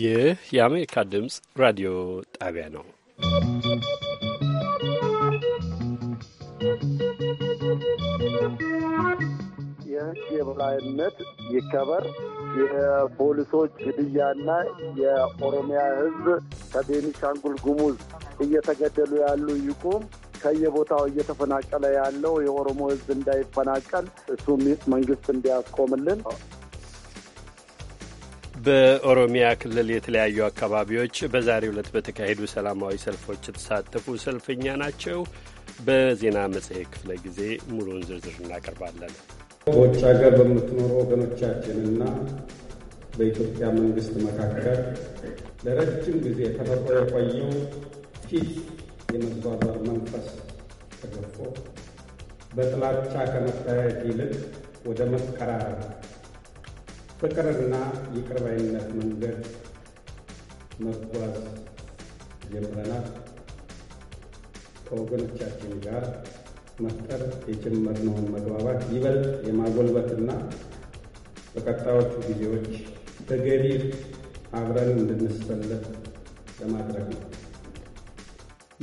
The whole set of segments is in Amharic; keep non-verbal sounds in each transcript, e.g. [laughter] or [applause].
ይህ የአሜሪካ ድምፅ ራዲዮ ጣቢያ ነው። የሕግ የበላይነት ይከበር፣ የፖሊሶች ግድያና የኦሮሚያ ህዝብ ከቤኒሻንጉል ጉሙዝ እየተገደሉ ያሉ ይቁም ከየቦታው እየተፈናቀለ ያለው የኦሮሞ ህዝብ እንዳይፈናቀል እሱ መንግስት እንዲያስቆምልን በኦሮሚያ ክልል የተለያዩ አካባቢዎች በዛሬው ዕለት በተካሄዱ ሰላማዊ ሰልፎች የተሳተፉ ሰልፈኛ ናቸው። በዜና መጽሔት ክፍለ ጊዜ ሙሉውን ዝርዝር እናቀርባለን። በውጭ ሀገር በምትኖሩ ወገኖቻችንና በኢትዮጵያ መንግስት መካከል ለረጅም ጊዜ ተፈጥሮ የቆየው ፊት የመዟዟር መንፈስ ተገፎ በጥላቻ ከመጠያየት ይልቅ ወደ መቀራረብ ፍቅርና ይቅርባይነት መንገድ መጓዝ ጀምረናል። ከወገኖቻችን ጋር መፍጠር የጀመርነውን መግባባት ይበልጥ የማጎልበትና በቀጣዮቹ ጊዜዎች በገቢር አብረን እንድንሰለፍ ለማድረግ ነው።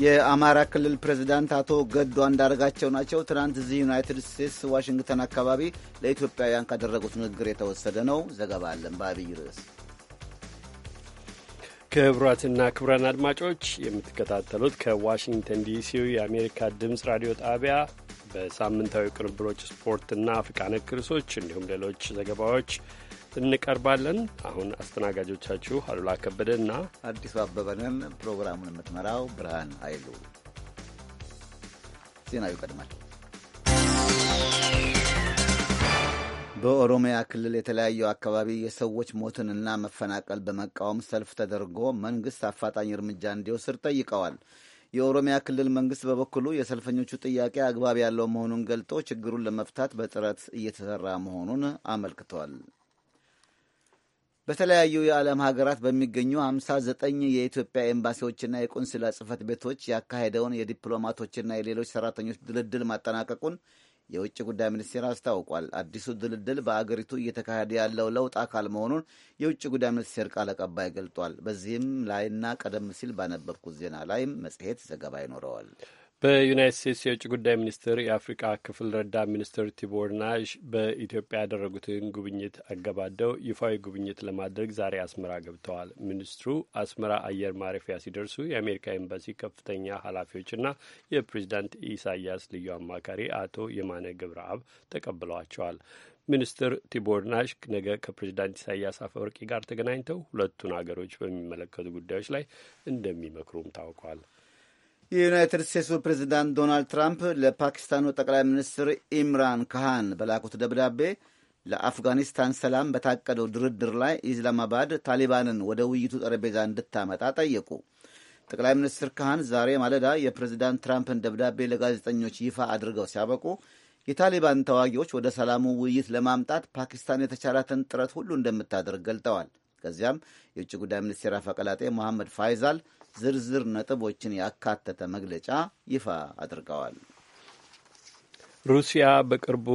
የአማራ ክልል ፕሬዚዳንት አቶ ገዱ አንዳርጋቸው ናቸው። ትናንት እዚህ ዩናይትድ ስቴትስ ዋሽንግተን አካባቢ ለኢትዮጵያውያን ካደረጉት ንግግር የተወሰደ ነው። ዘገባ አለን በአብይ ርዕስ። ክቡራትና ክቡራን አድማጮች የምትከታተሉት ከዋሽንግተን ዲሲው የአሜሪካ ድምፅ ራዲዮ ጣቢያ በሳምንታዊ ቅንብሮች ስፖርትና አፍሪካ ነክ ርዕሶች እንዲሁም ሌሎች ዘገባዎች እንቀርባለን። አሁን አስተናጋጆቻችሁ አሉላ ከበደና አዲሱ አበበንን፣ ፕሮግራሙን የምትመራው ብርሃን ኃይሉ። ዜናው ይቀድማል። በኦሮሚያ ክልል የተለያዩ አካባቢ የሰዎች ሞትንና መፈናቀል በመቃወም ሰልፍ ተደርጎ መንግስት አፋጣኝ እርምጃ እንዲወስድ ጠይቀዋል። የኦሮሚያ ክልል መንግስት በበኩሉ የሰልፈኞቹ ጥያቄ አግባብ ያለው መሆኑን ገልጦ ችግሩን ለመፍታት በጥረት እየተሰራ መሆኑን አመልክቷል። በተለያዩ የዓለም ሀገራት በሚገኙ 59 የኢትዮጵያ ኤምባሲዎችና የቆንስላ ጽህፈት ቤቶች ያካሄደውን የዲፕሎማቶችና የሌሎች ሰራተኞች ድልድል ማጠናቀቁን የውጭ ጉዳይ ሚኒስቴር አስታውቋል። አዲሱ ድልድል በአገሪቱ እየተካሄደ ያለው ለውጥ አካል መሆኑን የውጭ ጉዳይ ሚኒስቴር ቃል አቀባይ ገልጧል። በዚህም ላይና ቀደም ሲል ባነበብኩት ዜና ላይም መጽሔት ዘገባ ይኖረዋል። በዩናይት ስቴትስ የውጭ ጉዳይ ሚኒስትር የአፍሪቃ ክፍል ረዳት ሚኒስትር ቲቦር ናሽ በኢትዮጵያ ያደረጉትን ጉብኝት አገባደው ይፋዊ ጉብኝት ለማድረግ ዛሬ አስመራ ገብተዋል። ሚኒስትሩ አስመራ አየር ማረፊያ ሲደርሱ የአሜሪካ ኤምባሲ ከፍተኛ ኃላፊዎችና የፕሬዚዳንት ኢሳያስ ልዩ አማካሪ አቶ የማነ ገብረአብ ተቀብለዋቸዋል። ሚኒስትር ቲቦር ናሽ ነገ ከፕሬዚዳንት ኢሳያስ አፈወርቂ ጋር ተገናኝተው ሁለቱን አገሮች በሚመለከቱ ጉዳዮች ላይ እንደሚመክሩም ታውቋል። የዩናይትድ ስቴትሱ ፕሬዚዳንት ዶናልድ ትራምፕ ለፓኪስታኑ ጠቅላይ ሚኒስትር ኢምራን ካሃን በላኩት ደብዳቤ ለአፍጋኒስታን ሰላም በታቀደው ድርድር ላይ ኢስላማባድ ታሊባንን ወደ ውይይቱ ጠረጴዛ እንድታመጣ ጠየቁ። ጠቅላይ ሚኒስትር ካህን ዛሬ ማለዳ የፕሬዚዳንት ትራምፕን ደብዳቤ ለጋዜጠኞች ይፋ አድርገው ሲያበቁ የታሊባን ተዋጊዎች ወደ ሰላሙ ውይይት ለማምጣት ፓኪስታን የተቻላትን ጥረት ሁሉ እንደምታደርግ ገልጠዋል። ከዚያም የውጭ ጉዳይ ሚኒስቴር አፈቀላጤ መሐመድ ፋይዛል ዝርዝር ነጥቦችን ያካተተ መግለጫ ይፋ አድርገዋል። ሩሲያ በቅርቡ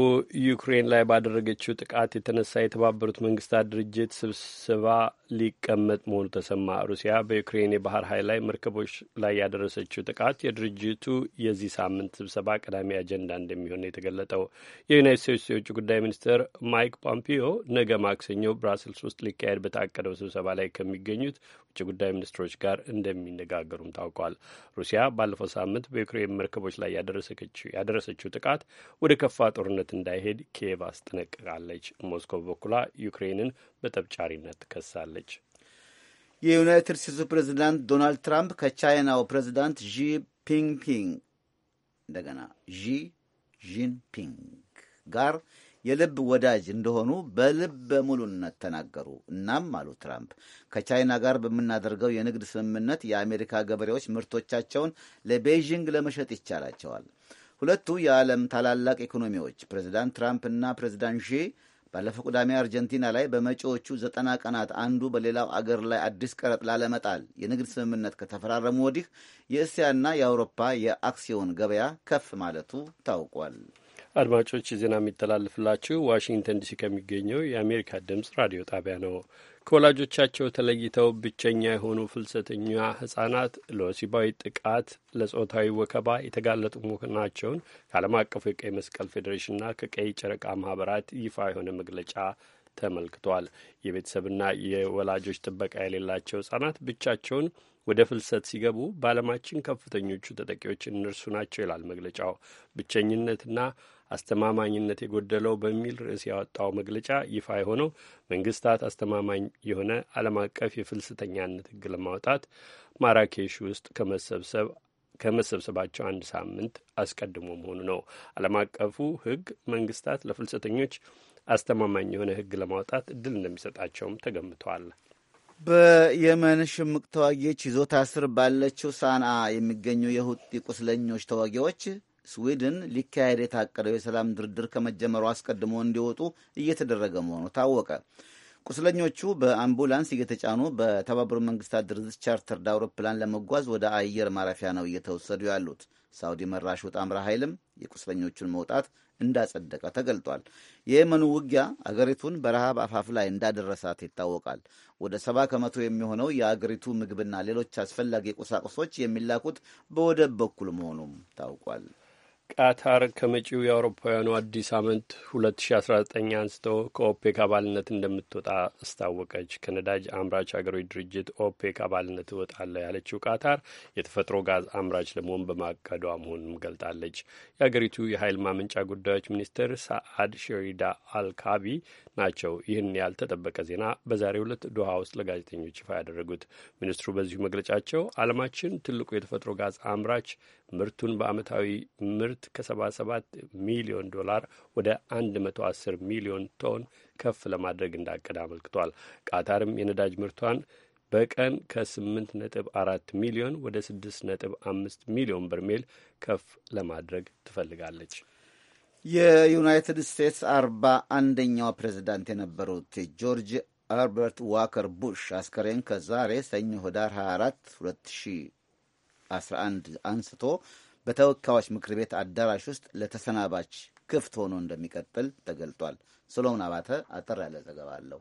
ዩክሬን ላይ ባደረገችው ጥቃት የተነሳ የተባበሩት መንግስታት ድርጅት ስብሰባ ሊቀመጥ መሆኑ ተሰማ። ሩሲያ በዩክሬን የባህር ኃይል ላይ መርከቦች ላይ ያደረሰችው ጥቃት የድርጅቱ የዚህ ሳምንት ስብሰባ ቀዳሚ አጀንዳ እንደሚሆን የተገለጠው የዩናይት ስቴትስ የውጭ ጉዳይ ሚኒስትር ማይክ ፖምፒዮ ነገ ማክሰኞ ብራስልስ ውስጥ ሊካሄድ በታቀደው ስብሰባ ላይ ከሚገኙት ውጭ ጉዳይ ሚኒስትሮች ጋር እንደሚነጋገሩም ታውቋል። ሩሲያ ባለፈው ሳምንት በዩክሬን መርከቦች ላይ ያደረሰችው ጥቃት ወደ ከፋ ጦርነት እንዳይሄድ ኪየቭ አስጠነቅቃለች። ሞስኮ በበኩሏ ዩክሬንን በጠብጫሪነት ትከሳለች። የዩናይትድ ስቴትሱ ፕሬዚዳንት ዶናልድ ትራምፕ ከቻይናው ፕሬዚዳንት ዢ ፒንፒንግ እንደገና ዢ ጂንፒንግ ጋር የልብ ወዳጅ እንደሆኑ በልብ በሙሉነት ተናገሩ። እናም አሉ ትራምፕ ከቻይና ጋር በምናደርገው የንግድ ስምምነት የአሜሪካ ገበሬዎች ምርቶቻቸውን ለቤይዥንግ ለመሸጥ ይቻላቸዋል። ሁለቱ የዓለም ታላላቅ ኢኮኖሚዎች ፕሬዚዳንት ትራምፕ እና ፕሬዚዳንት ሺ ባለፈው ቅዳሜ አርጀንቲና ላይ በመጪዎቹ ዘጠና ቀናት አንዱ በሌላው አገር ላይ አዲስ ቀረጥ ላለመጣል የንግድ ስምምነት ከተፈራረሙ ወዲህ የእስያና የአውሮፓ የአክሲዮን ገበያ ከፍ ማለቱ ታውቋል። አድማጮች ዜና የሚተላለፍላችሁ ዋሽንግተን ዲሲ ከሚገኘው የአሜሪካ ድምፅ ራዲዮ ጣቢያ ነው። ከወላጆቻቸው ተለይተው ብቸኛ የሆኑ ፍልሰተኛ ህጻናት ለወሲባዊ ጥቃት፣ ለጾታዊ ወከባ የተጋለጡ መሆናቸውን ከዓለም አቀፉ የቀይ መስቀል ፌዴሬሽንና ከቀይ ጨረቃ ማህበራት ይፋ የሆነ መግለጫ ተመልክቷል። የቤተሰብና የወላጆች ጥበቃ የሌላቸው ህጻናት ብቻቸውን ወደ ፍልሰት ሲገቡ በዓለማችን ከፍተኞቹ ተጠቂዎች እነርሱ ናቸው ይላል መግለጫው። ብቸኝነትና አስተማማኝነት የጎደለው በሚል ርዕስ ያወጣው መግለጫ ይፋ የሆነው መንግስታት አስተማማኝ የሆነ ዓለም አቀፍ የፍልሰተኛነት ህግ ለማውጣት ማራኬሽ ውስጥ ከመሰብሰብ ከመሰብሰባቸው አንድ ሳምንት አስቀድሞ መሆኑ ነው። ዓለም አቀፉ ህግ መንግስታት ለፍልሰተኞች አስተማማኝ የሆነ ህግ ለማውጣት እድል እንደሚሰጣቸውም ተገምቷል። በየመን ሽምቅ ተዋጊዎች ይዞታ ስር ባለችው ሳንአ የሚገኙ የሁቲ ቁስለኞች ተዋጊዎች ስዊድን ሊካሄድ የታቀደው የሰላም ድርድር ከመጀመሩ አስቀድሞ እንዲወጡ እየተደረገ መሆኑ ታወቀ። ቁስለኞቹ በአምቡላንስ እየተጫኑ በተባበሩ መንግስታት ድርጅት ቻርተርድ አውሮፕላን ለመጓዝ ወደ አየር ማረፊያ ነው እየተወሰዱ ያሉት። ሳውዲ መራሹ ጣምራ ኃይልም የቁስለኞቹን መውጣት እንዳጸደቀ ተገልጧል። የየመኑ ውጊያ አገሪቱን በረሃብ አፋፍ ላይ እንዳደረሳት ይታወቃል። ወደ ሰባ ከመቶ የሚሆነው የአገሪቱ ምግብና ሌሎች አስፈላጊ ቁሳቁሶች የሚላኩት በወደብ በኩል መሆኑም ታውቋል። ቃታር ከመጪው የአውሮፓውያኑ አዲስ ዓመት 2019 አንስቶ ከኦፔክ አባልነት እንደምትወጣ አስታወቀች። ከነዳጅ አምራች ሀገሮች ድርጅት ኦፔክ አባልነት እወጣለሁ ያለችው ቃታር የተፈጥሮ ጋዝ አምራች ለመሆን በማቀዷ መሆኑንም ገልጣለች። የአገሪቱ የኃይል ማመንጫ ጉዳዮች ሚኒስትር ሳአድ ሸሪዳ አልካቢ ናቸው ይህን ያልተጠበቀ ዜና በዛሬው ዕለት ዶሃ ውስጥ ለጋዜጠኞች ይፋ ያደረጉት ሚኒስትሩ በዚሁ መግለጫቸው ዓለማችን ትልቁ የተፈጥሮ ጋዝ አምራች ምርቱን በዓመታዊ ምርት ከ77 ሚሊዮን ዶላር ወደ 110 ሚሊዮን ቶን ከፍ ለማድረግ እንዳቀደ አመልክቷል። ቃታርም የነዳጅ ምርቷን በቀን ከ8.4 ሚሊዮን ወደ 6.5 ሚሊዮን በርሜል ከፍ ለማድረግ ትፈልጋለች። የዩናይትድ ስቴትስ አርባ አንደኛው ፕሬዝዳንት የነበሩት ጆርጅ አርበርት ዋከር ቡሽ አስከሬን ከዛሬ ሰኞ ህዳር 24 2011 አንስቶ በተወካዮች ምክር ቤት አዳራሽ ውስጥ ለተሰናባች ክፍት ሆኖ እንደሚቀጥል ተገልጧል። ሰሎሞን አባተ አጠር ያለ ዘገባ አለው።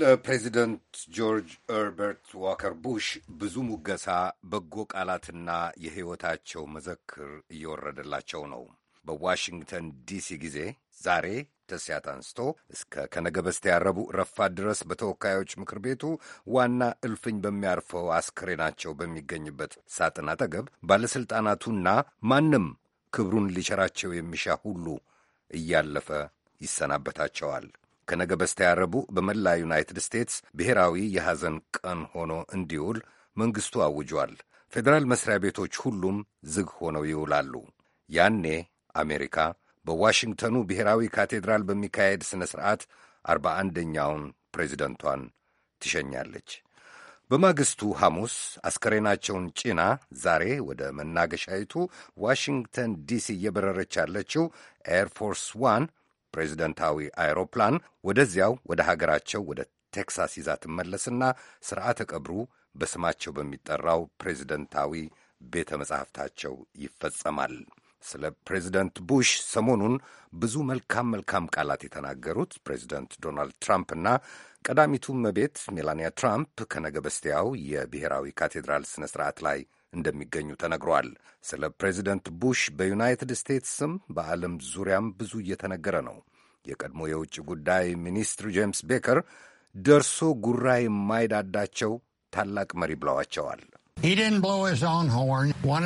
ለፕሬዚደንት ጆርጅ እርበርት ዋከር ቡሽ ብዙ ሙገሳ፣ በጎ ቃላትና የሕይወታቸው መዘክር እየወረደላቸው ነው። በዋሽንግተን ዲሲ ጊዜ ዛሬ ተስያት አንስቶ እስከ ከነገ በስቲያ ረቡዕ ረፋድ ድረስ በተወካዮች ምክር ቤቱ ዋና እልፍኝ በሚያርፈው አስክሬናቸው በሚገኝበት ሳጥን አጠገብ ባለሥልጣናቱና ማንም ክብሩን ሊቸራቸው የሚሻ ሁሉ እያለፈ ይሰናበታቸዋል። ከነገ በስቲያ ረቡዕ በመላ ዩናይትድ ስቴትስ ብሔራዊ የሐዘን ቀን ሆኖ እንዲውል መንግሥቱ አውጇል። ፌዴራል መሥሪያ ቤቶች ሁሉም ዝግ ሆነው ይውላሉ። ያኔ አሜሪካ በዋሽንግተኑ ብሔራዊ ካቴድራል በሚካሄድ ሥነ ሥርዓት አርባ አንደኛውን ፕሬዚደንቷን ትሸኛለች። በማግስቱ ሐሙስ አስከሬናቸውን ጭና ዛሬ ወደ መናገሻይቱ ዋሽንግተን ዲሲ እየበረረች ያለችው ኤርፎርስ ዋን ፕሬዚደንታዊ አይሮፕላን ወደዚያው ወደ ሀገራቸው ወደ ቴክሳስ ይዛ ትመለስና ሥርዓተ ቀብሩ በስማቸው በሚጠራው ፕሬዚደንታዊ ቤተ መጻሕፍታቸው ይፈጸማል። ስለ ፕሬዚደንት ቡሽ ሰሞኑን ብዙ መልካም መልካም ቃላት የተናገሩት ፕሬዚደንት ዶናልድ ትራምፕ እና ቀዳሚቱ እመቤት ሜላንያ ትራምፕ ከነገ በስቲያው የብሔራዊ ካቴድራል ስነ-ስርዓት ላይ እንደሚገኙ ተነግሯል። ስለ ፕሬዚደንት ቡሽ በዩናይትድ ስም በዓለም ዙሪያም ብዙ እየተነገረ ነው። የቀድሞ የውጭ ጉዳይ ሚኒስትር ጄምስ ቤከር ደርሶ ጉራ የማይዳዳቸው ታላቅ መሪ ብለዋቸዋል። Uh,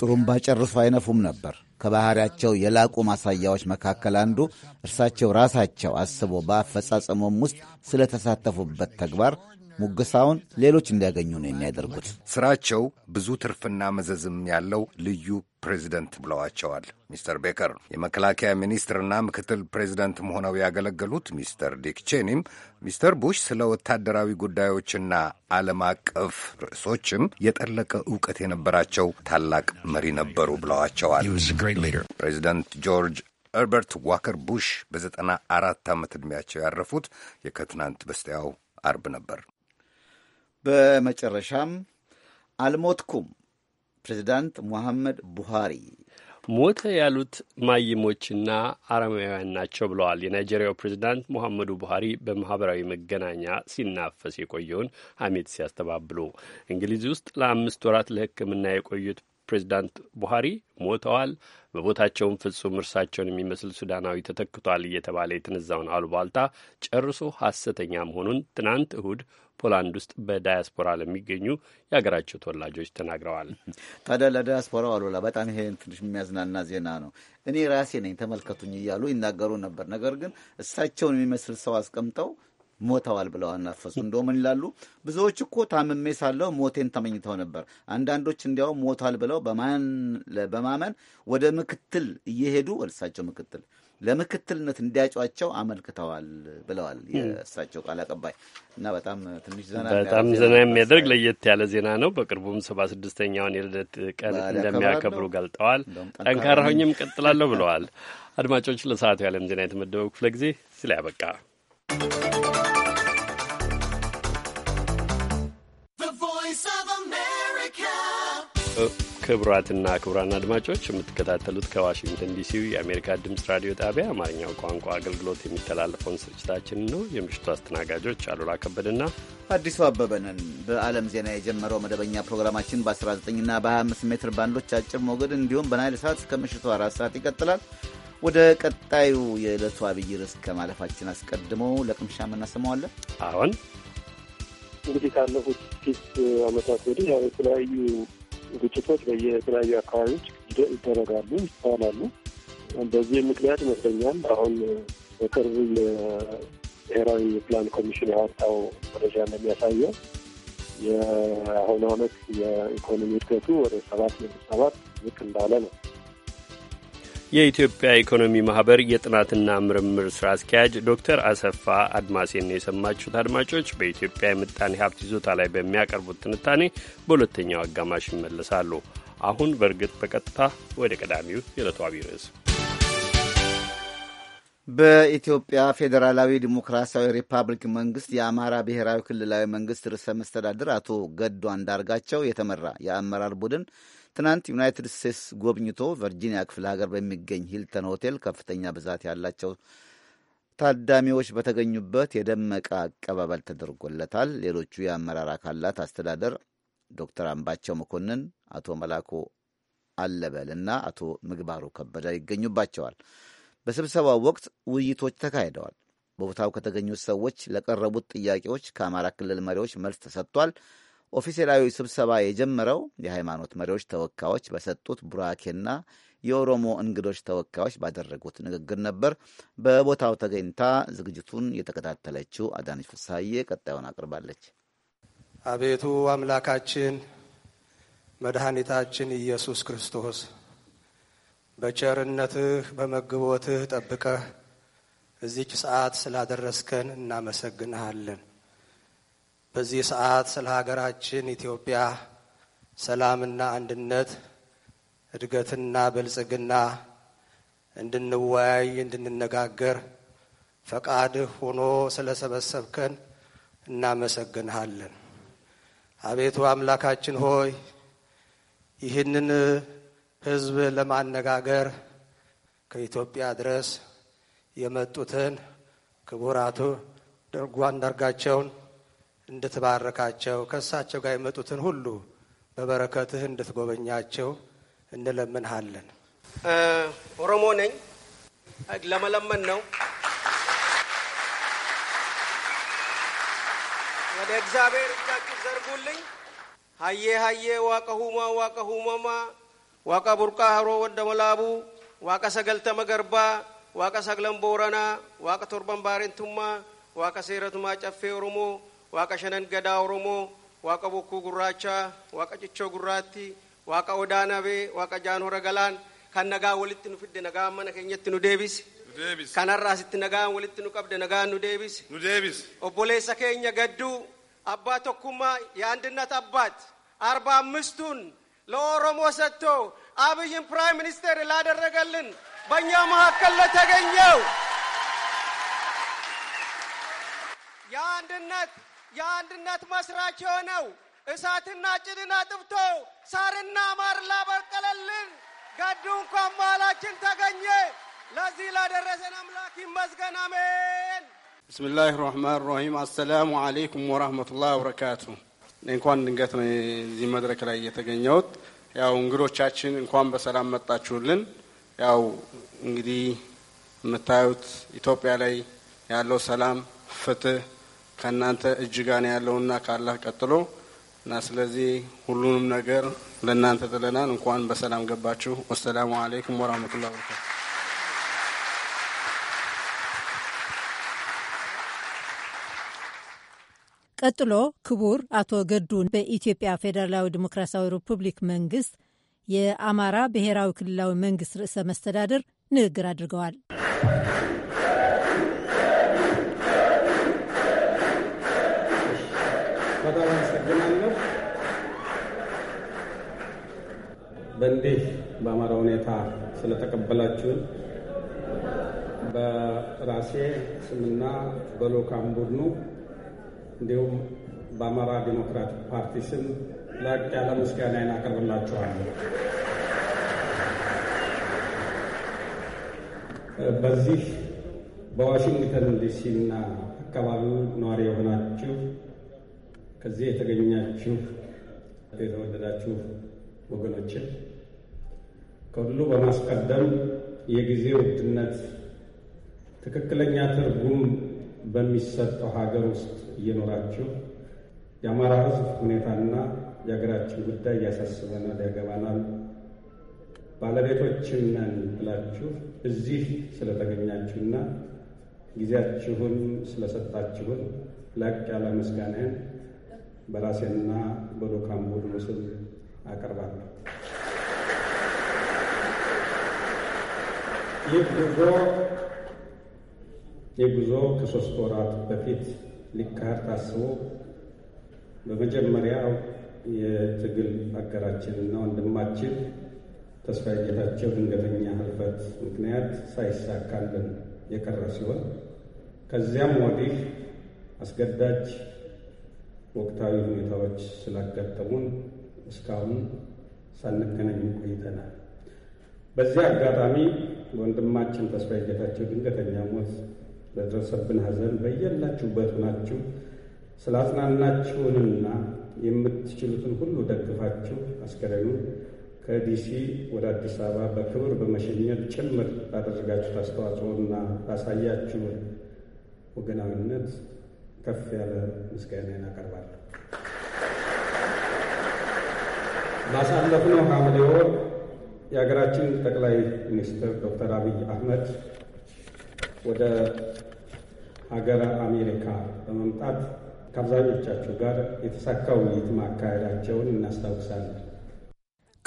ጥሩምባ ጨርሶ አይነፉም ነበር። ከባህሪያቸው የላቁ ማሳያዎች መካከል አንዱ እርሳቸው ራሳቸው አስቦ በአፈጻጸሙም ውስጥ ስለተሳተፉበት ተግባር ሙገሳውን ሌሎች እንዲያገኙ ነው የሚያደርጉት። ስራቸው ብዙ ትርፍና መዘዝም ያለው ልዩ ፕሬዚደንት ብለዋቸዋል ሚስተር ቤከር። የመከላከያ ሚኒስትርና ምክትል ፕሬዚደንትም ሆነው ያገለገሉት ሚስተር ዲክ ቼኒም ሚስተር ቡሽ ስለ ወታደራዊ ጉዳዮችና ዓለም አቀፍ ርዕሶችም የጠለቀ እውቀት የነበራቸው ታላቅ መሪ ነበሩ ብለዋቸዋል። ፕሬዚደንት ጆርጅ ኸርበርት ዋከር ቡሽ በዘጠና አራት ዓመት ዕድሜያቸው ያረፉት የከትናንት በስቲያው አርብ ነበር። በመጨረሻም አልሞትኩም ፕሬዚዳንት ሙሐመድ ቡሃሪ ሞተ ያሉት ማይሞችና አረማውያን ናቸው ብለዋል። የናይጄሪያው ፕሬዚዳንት ሙሐመዱ ቡሃሪ በማህበራዊ መገናኛ ሲናፈስ የቆየውን አሜት ሲያስተባብሉ እንግሊዝ ውስጥ ለአምስት ወራት ለሕክምና የቆዩት ፕሬዚዳንት ቡሃሪ ሞተዋል። በቦታቸውም ፍጹም እርሳቸውን የሚመስል ሱዳናዊ ተተክቷል እየተባለ የተነዛውን አሉባልታ ጨርሶ ሐሰተኛ መሆኑን ትናንት እሁድ ፖላንድ ውስጥ በዳያስፖራ ለሚገኙ የሀገራቸው ተወላጆች ተናግረዋል። ታዲያ ለዳያስፖራው አሉላ በጣም ይሄ ትንሽ የሚያዝናና ዜና ነው። እኔ ራሴ ነኝ ተመልከቱኝ እያሉ ይናገሩ ነበር። ነገር ግን እሳቸውን የሚመስል ሰው አስቀምጠው ሞተዋል ብለው አናፈሱ። እንደምን ይላሉ ብዙዎች እኮ ታምሜ ሳለሁ ሞቴን ተመኝተው ነበር። አንዳንዶች እንዲያውም ሞቷል ብለው በማመን ወደ ምክትል እየሄዱ ወደ እሳቸው ምክትል ለምክትልነት እንዲያጯቸው አመልክተዋል ብለዋል የእሳቸው ቃል አቀባይ እና በጣም ትንሽ ዘና በጣም ዘና የሚያደርግ ለየት ያለ ዜና ነው። በቅርቡም ሰባ ስድስተኛውን የልደት ቀን እንደሚያከብሩ ገልጠዋል። ጠንካራ ሆኜም ቀጥላለሁ ብለዋል። አድማጮች፣ ለሰዓቱ የዓለም ዜና የተመደበው ክፍለ ጊዜ ስለ ያበቃ ክቡራትና ክቡራን አድማጮች የምትከታተሉት ከዋሽንግተን ዲሲው የአሜሪካ ድምፅ ራዲዮ ጣቢያ አማርኛው ቋንቋ አገልግሎት የሚተላለፈውን ስርጭታችን ነው። የምሽቱ አስተናጋጆች አሉላ ከበድና አዲሱ አበበንን በዓለም ዜና የጀመረው መደበኛ ፕሮግራማችን በ19ና በ25 ሜትር ባንዶች አጭር ሞገድ እንዲሁም በናይል ሰዓት እስከ ምሽቱ አራት ሰዓት ይቀጥላል። ወደ ቀጣዩ የዕለቱ አብይ ርዕስ ከማለፋችን አስቀድሞ ለቅምሻ እናሰማዋለን። አሁን እንግዲህ ካለፉት ፊት ዓመታት ወዲህ የተለያዩ ግጭቶች በየተለያዩ አካባቢዎች ይደረጋሉ፣ ይስተዋላሉ። በዚህ ምክንያት ይመስለኛል አሁን በቅርብ የብሔራዊ የፕላን ኮሚሽን ያወጣው መረጃ እንደሚያሳየው የአሁኑ ዓመት የኢኮኖሚ እድገቱ ወደ ሰባት ነጥብ ሰባት ዝቅ እንዳለ ነው። የኢትዮጵያ ኢኮኖሚ ማህበር የጥናትና ምርምር ስራ አስኪያጅ ዶክተር አሰፋ አድማሴን የሰማችሁት። አድማጮች በኢትዮጵያ የምጣኔ ሀብት ይዞታ ላይ በሚያቀርቡት ትንታኔ በሁለተኛው አጋማሽ ይመለሳሉ። አሁን በእርግጥ በቀጥታ ወደ ቀዳሚው የዕለቱ አብይ ርዕስ በኢትዮጵያ ፌዴራላዊ ዲሞክራሲያዊ ሪፐብሊክ መንግስት የአማራ ብሔራዊ ክልላዊ መንግስት ርዕሰ መስተዳድር አቶ ገዱ አንዳርጋቸው የተመራ የአመራር ቡድን ትናንት ዩናይትድ ስቴትስ ጎብኝቶ ቨርጂኒያ ክፍለ ሀገር በሚገኝ ሂልተን ሆቴል ከፍተኛ ብዛት ያላቸው ታዳሚዎች በተገኙበት የደመቀ አቀባበል ተደርጎለታል። ሌሎቹ የአመራር አካላት አስተዳደር ዶክተር አምባቸው መኮንን፣ አቶ መላኩ አለበል እና አቶ ምግባሩ ከበደ ይገኙባቸዋል። በስብሰባው ወቅት ውይይቶች ተካሂደዋል። በቦታው ከተገኙት ሰዎች ለቀረቡት ጥያቄዎች ከአማራ ክልል መሪዎች መልስ ተሰጥቷል። ኦፊሴላዊ ስብሰባ የጀመረው የሃይማኖት መሪዎች ተወካዮች በሰጡት ቡራኬና የኦሮሞ እንግዶች ተወካዮች ባደረጉት ንግግር ነበር። በቦታው ተገኝታ ዝግጅቱን የተከታተለችው አዳነች ፍሳዬ ቀጣዩን አቅርባለች። አቤቱ አምላካችን መድኃኒታችን ኢየሱስ ክርስቶስ በቸርነትህ በመግቦትህ ጠብቀህ እዚች ሰዓት ስላደረስከን እናመሰግንሃለን። በዚህ ሰዓት ስለ ሀገራችን ኢትዮጵያ ሰላምና አንድነት እድገትና ብልጽግና እንድንወያይ እንድንነጋገር ፈቃድህ ሆኖ ስለ ሰበሰብከን እናመሰግንሃለን። አቤቱ አምላካችን ሆይ ይህንን ሕዝብ ለማነጋገር ከኢትዮጵያ ድረስ የመጡትን ክቡራቱ እንዳርጋቸውን እንድትባረካቸው ከእሳቸው ጋር የመጡትን ሁሉ በበረከትህ እንድትጎበኛቸው እንለምንሃለን። ኦሮሞ ነኝ፣ ለመለመን ነው ወደ እግዚአብሔር እጃችሁ ዘርጉልኝ። ሀዬ ሀዬ ዋቀ ሁማ ዋቀ ሁመማ ዋቀ ቡርቃ ሀሮ ወደ መላቡ ዋቀ ሰገልተ መገርባ ዋቀ ሰግለን ቦረና ዋቀ ቶርበን ባሬንቱማ ዋቀ ሴረቱማ ጨፌ ኦሮሞ waaqa shanan gadaa oromoo waaqa bokkuu gurraachaa waaqa cichoo gurraattii waaqa odaa nabee waaqa jaanhora galaan kan nagaa walitti nu fidde nagaan mana keenyatti nu deebise kanarraas itti nagaan walitti nu qabde nagaan nu deebise obboleessa keenya gadduu abbaa tokkummaa yaandinnat abbaat arba አምስቱን ለኦሮሞ ሰጥቶ አብይን ፕራይም ሚኒስቴር ላደረገልን በእኛ መካከል ለተገኘው የአንድነት የአንድነት መስራች የሆነው እሳትና ጭድን አጥፍቶ ሳርና ማር ላበቀለልን ገዱ እንኳን መሃላችን ተገኘ። ለዚህ ላደረሰን አምላክ ይመስገን፣ አሜን። ብስሚላህ ራህማን ራሂም። አሰላሙ አለይኩም ወራህመቱላህ ወበረካቱ። እንኳን ድንገት ነው እዚህ መድረክ ላይ የተገኘሁት። ያው እንግዶቻችን እንኳን በሰላም መጣችሁልን። ያው እንግዲህ የምታዩት ኢትዮጵያ ላይ ያለው ሰላም፣ ፍትህ ከእናንተ እጅ ጋር ያለውና ከአላህ ቀጥሎ እና ስለዚህ ሁሉንም ነገር ለእናንተ ጥለናል። እንኳን በሰላም ገባችሁ። ወሰላሙ አለይኩም ወራህመቱላ በረካቱ። ቀጥሎ ክቡር አቶ ገዱን በኢትዮጵያ ፌዴራላዊ ዲሞክራሲያዊ ሪፑብሊክ መንግስት የአማራ ብሔራዊ ክልላዊ መንግስት ርዕሰ መስተዳድር ንግግር አድርገዋል። በእንዲህ በአማራ ሁኔታ ስለተቀበላችሁን በራሴ ስምና በሎካም ቡድኑ እንዲሁም በአማራ ዲሞክራቲክ ፓርቲ ስም ላቅ ያለ ምስጋናዬን አቀርብላችኋለሁ። በዚህ በዋሽንግተን ዲሲ እና አካባቢው ነዋሪ የሆናችሁ ከዚህ የተገኛችሁ የተወደዳችሁ ወገኖችን ከሁሉ በማስቀደም የጊዜ ውድነት ትክክለኛ ትርጉም በሚሰጠው ሀገር ውስጥ እየኖራችሁ የአማራ ሕዝብ ሁኔታና የሀገራችን ጉዳይ ያሳስበናል፣ ያገባናል፣ ባለቤቶችም ነን ብላችሁ እዚህ ስለተገኛችሁና ጊዜያችሁን ስለሰጣችሁን ላቅ ያለ ምስጋናን በራሴና በሉካምቦድ ምስል አቀርባለሁ። ይህ ጉዞ የጉዞ ከሶስት ወራት በፊት ሊካሄድ ታስቦ በመጀመሪያው የትግል እና ወንድማችን ተስፋዬ ጌታቸው ድንገተኛ ህልፈት ምክንያት ሳይሳካልን የቀረ ሲሆን ከዚያም ወዲህ አስገዳጅ ወቅታዊ ሁኔታዎች ስላጋጠሙን እስካሁን ሳንገናኝ ቆይተናል። በዚህ አጋጣሚ ወንድማችን ተስፋዬ ጌታቸው ድንገተኛ ሞት ለደረሰብን ሐዘን በየላችሁበት ሆናችሁ ስላጽናናችሁንና የምትችሉትን ሁሉ ደግፋችሁ አስከሬኑን ከዲሲ ወደ አዲስ አበባ በክብር በመሸኘት ጭምር ላደረጋችሁት አስተዋጽኦና ላሳያችሁን ወገናዊነት ከፍ ያለ ምስጋናን አቀርባለሁ። ላሳለፍነው ሐምሌ ወር የሀገራችን ጠቅላይ ሚኒስትር ዶክተር አብይ አህመድ ወደ ሀገረ አሜሪካ በመምጣት ከአብዛኞቻችሁ ጋር የተሳካ ውይይት ማካሄዳቸውን እናስታውሳለን።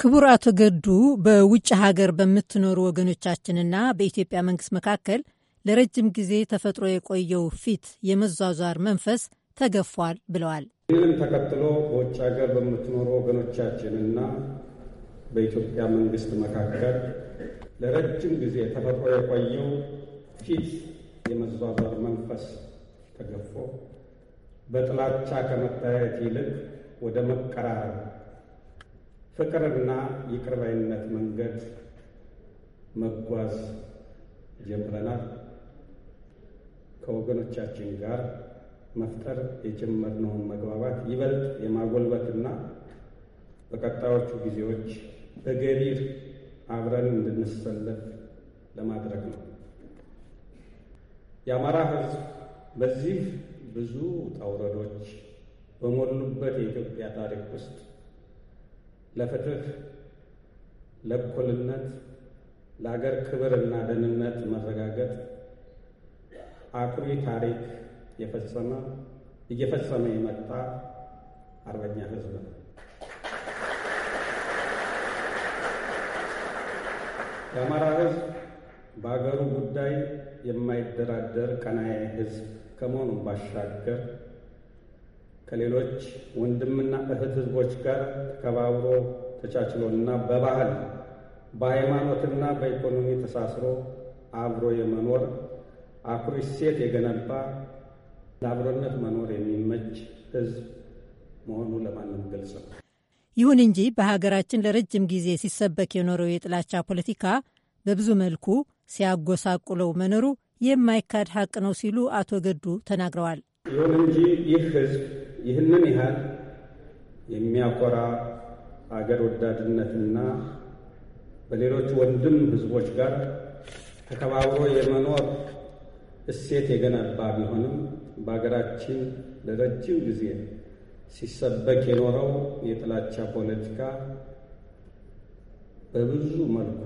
ክቡር አቶ ገዱ በውጭ ሀገር በምትኖሩ ወገኖቻችንና በኢትዮጵያ መንግስት መካከል ለረጅም ጊዜ ተፈጥሮ የቆየው ፊት የመዟዟር መንፈስ ተገፏል ብለዋል። ይህንም ተከትሎ በውጭ ሀገር በምትኖሩ ወገኖቻችንና በኢትዮጵያ መንግስት መካከል ለረጅም ጊዜ ተፈጥሮ የቆየው ፊት የመዟዟር መንፈስ ተገፎ በጥላቻ ከመታየት ይልቅ ወደ መቀራረብ፣ ፍቅርና ይቅርባይነት መንገድ መጓዝ ጀምረናል። ከወገኖቻችን ጋር መፍጠር የጀመርነውን መግባባት ይበልጥ የማጎልበትና በቀጣዮቹ ጊዜዎች በገቢር አብረን እንድንሰለፍ ለማድረግ ነው። የአማራ ሕዝብ በዚህ ብዙ ውጣ ውረዶች በሞሉበት የኢትዮጵያ ታሪክ ውስጥ ለፍትህ፣ ለእኩልነት፣ ለአገር እና ደህንነት መረጋገጥ አኩሪ ታሪክ የፈጸመ እየፈጸመ የመጣ አርበኛ ሕዝብ ነው። የአማራ ህዝብ በአገሩ ጉዳይ የማይደራደር ቀናዬ ህዝብ ከመሆኑ ባሻገር ከሌሎች ወንድምና እህት ህዝቦች ጋር ተከባብሮ ተቻችሎና በባህል በሃይማኖትና በኢኮኖሚ ተሳስሮ አብሮ የመኖር አኩሪ እሴት የገነባ ለአብሮነት መኖር የሚመች ህዝብ መሆኑ ለማንም ግልጽ ነው። ይሁን እንጂ በሀገራችን ለረጅም ጊዜ ሲሰበክ የኖረው የጥላቻ ፖለቲካ በብዙ መልኩ ሲያጎሳቁለው መኖሩ የማይካድ ሀቅ ነው ሲሉ አቶ ገዱ ተናግረዋል። ይሁን እንጂ ይህ ህዝብ ይህንን ያህል የሚያኮራ አገር ወዳድነትና በሌሎች ወንድም ህዝቦች ጋር ተከባብሮ የመኖር እሴት የገነባ ቢሆንም በሀገራችን ለረጅም ጊዜ ሲሰበክ የኖረው የጥላቻ ፖለቲካ በብዙ መልኩ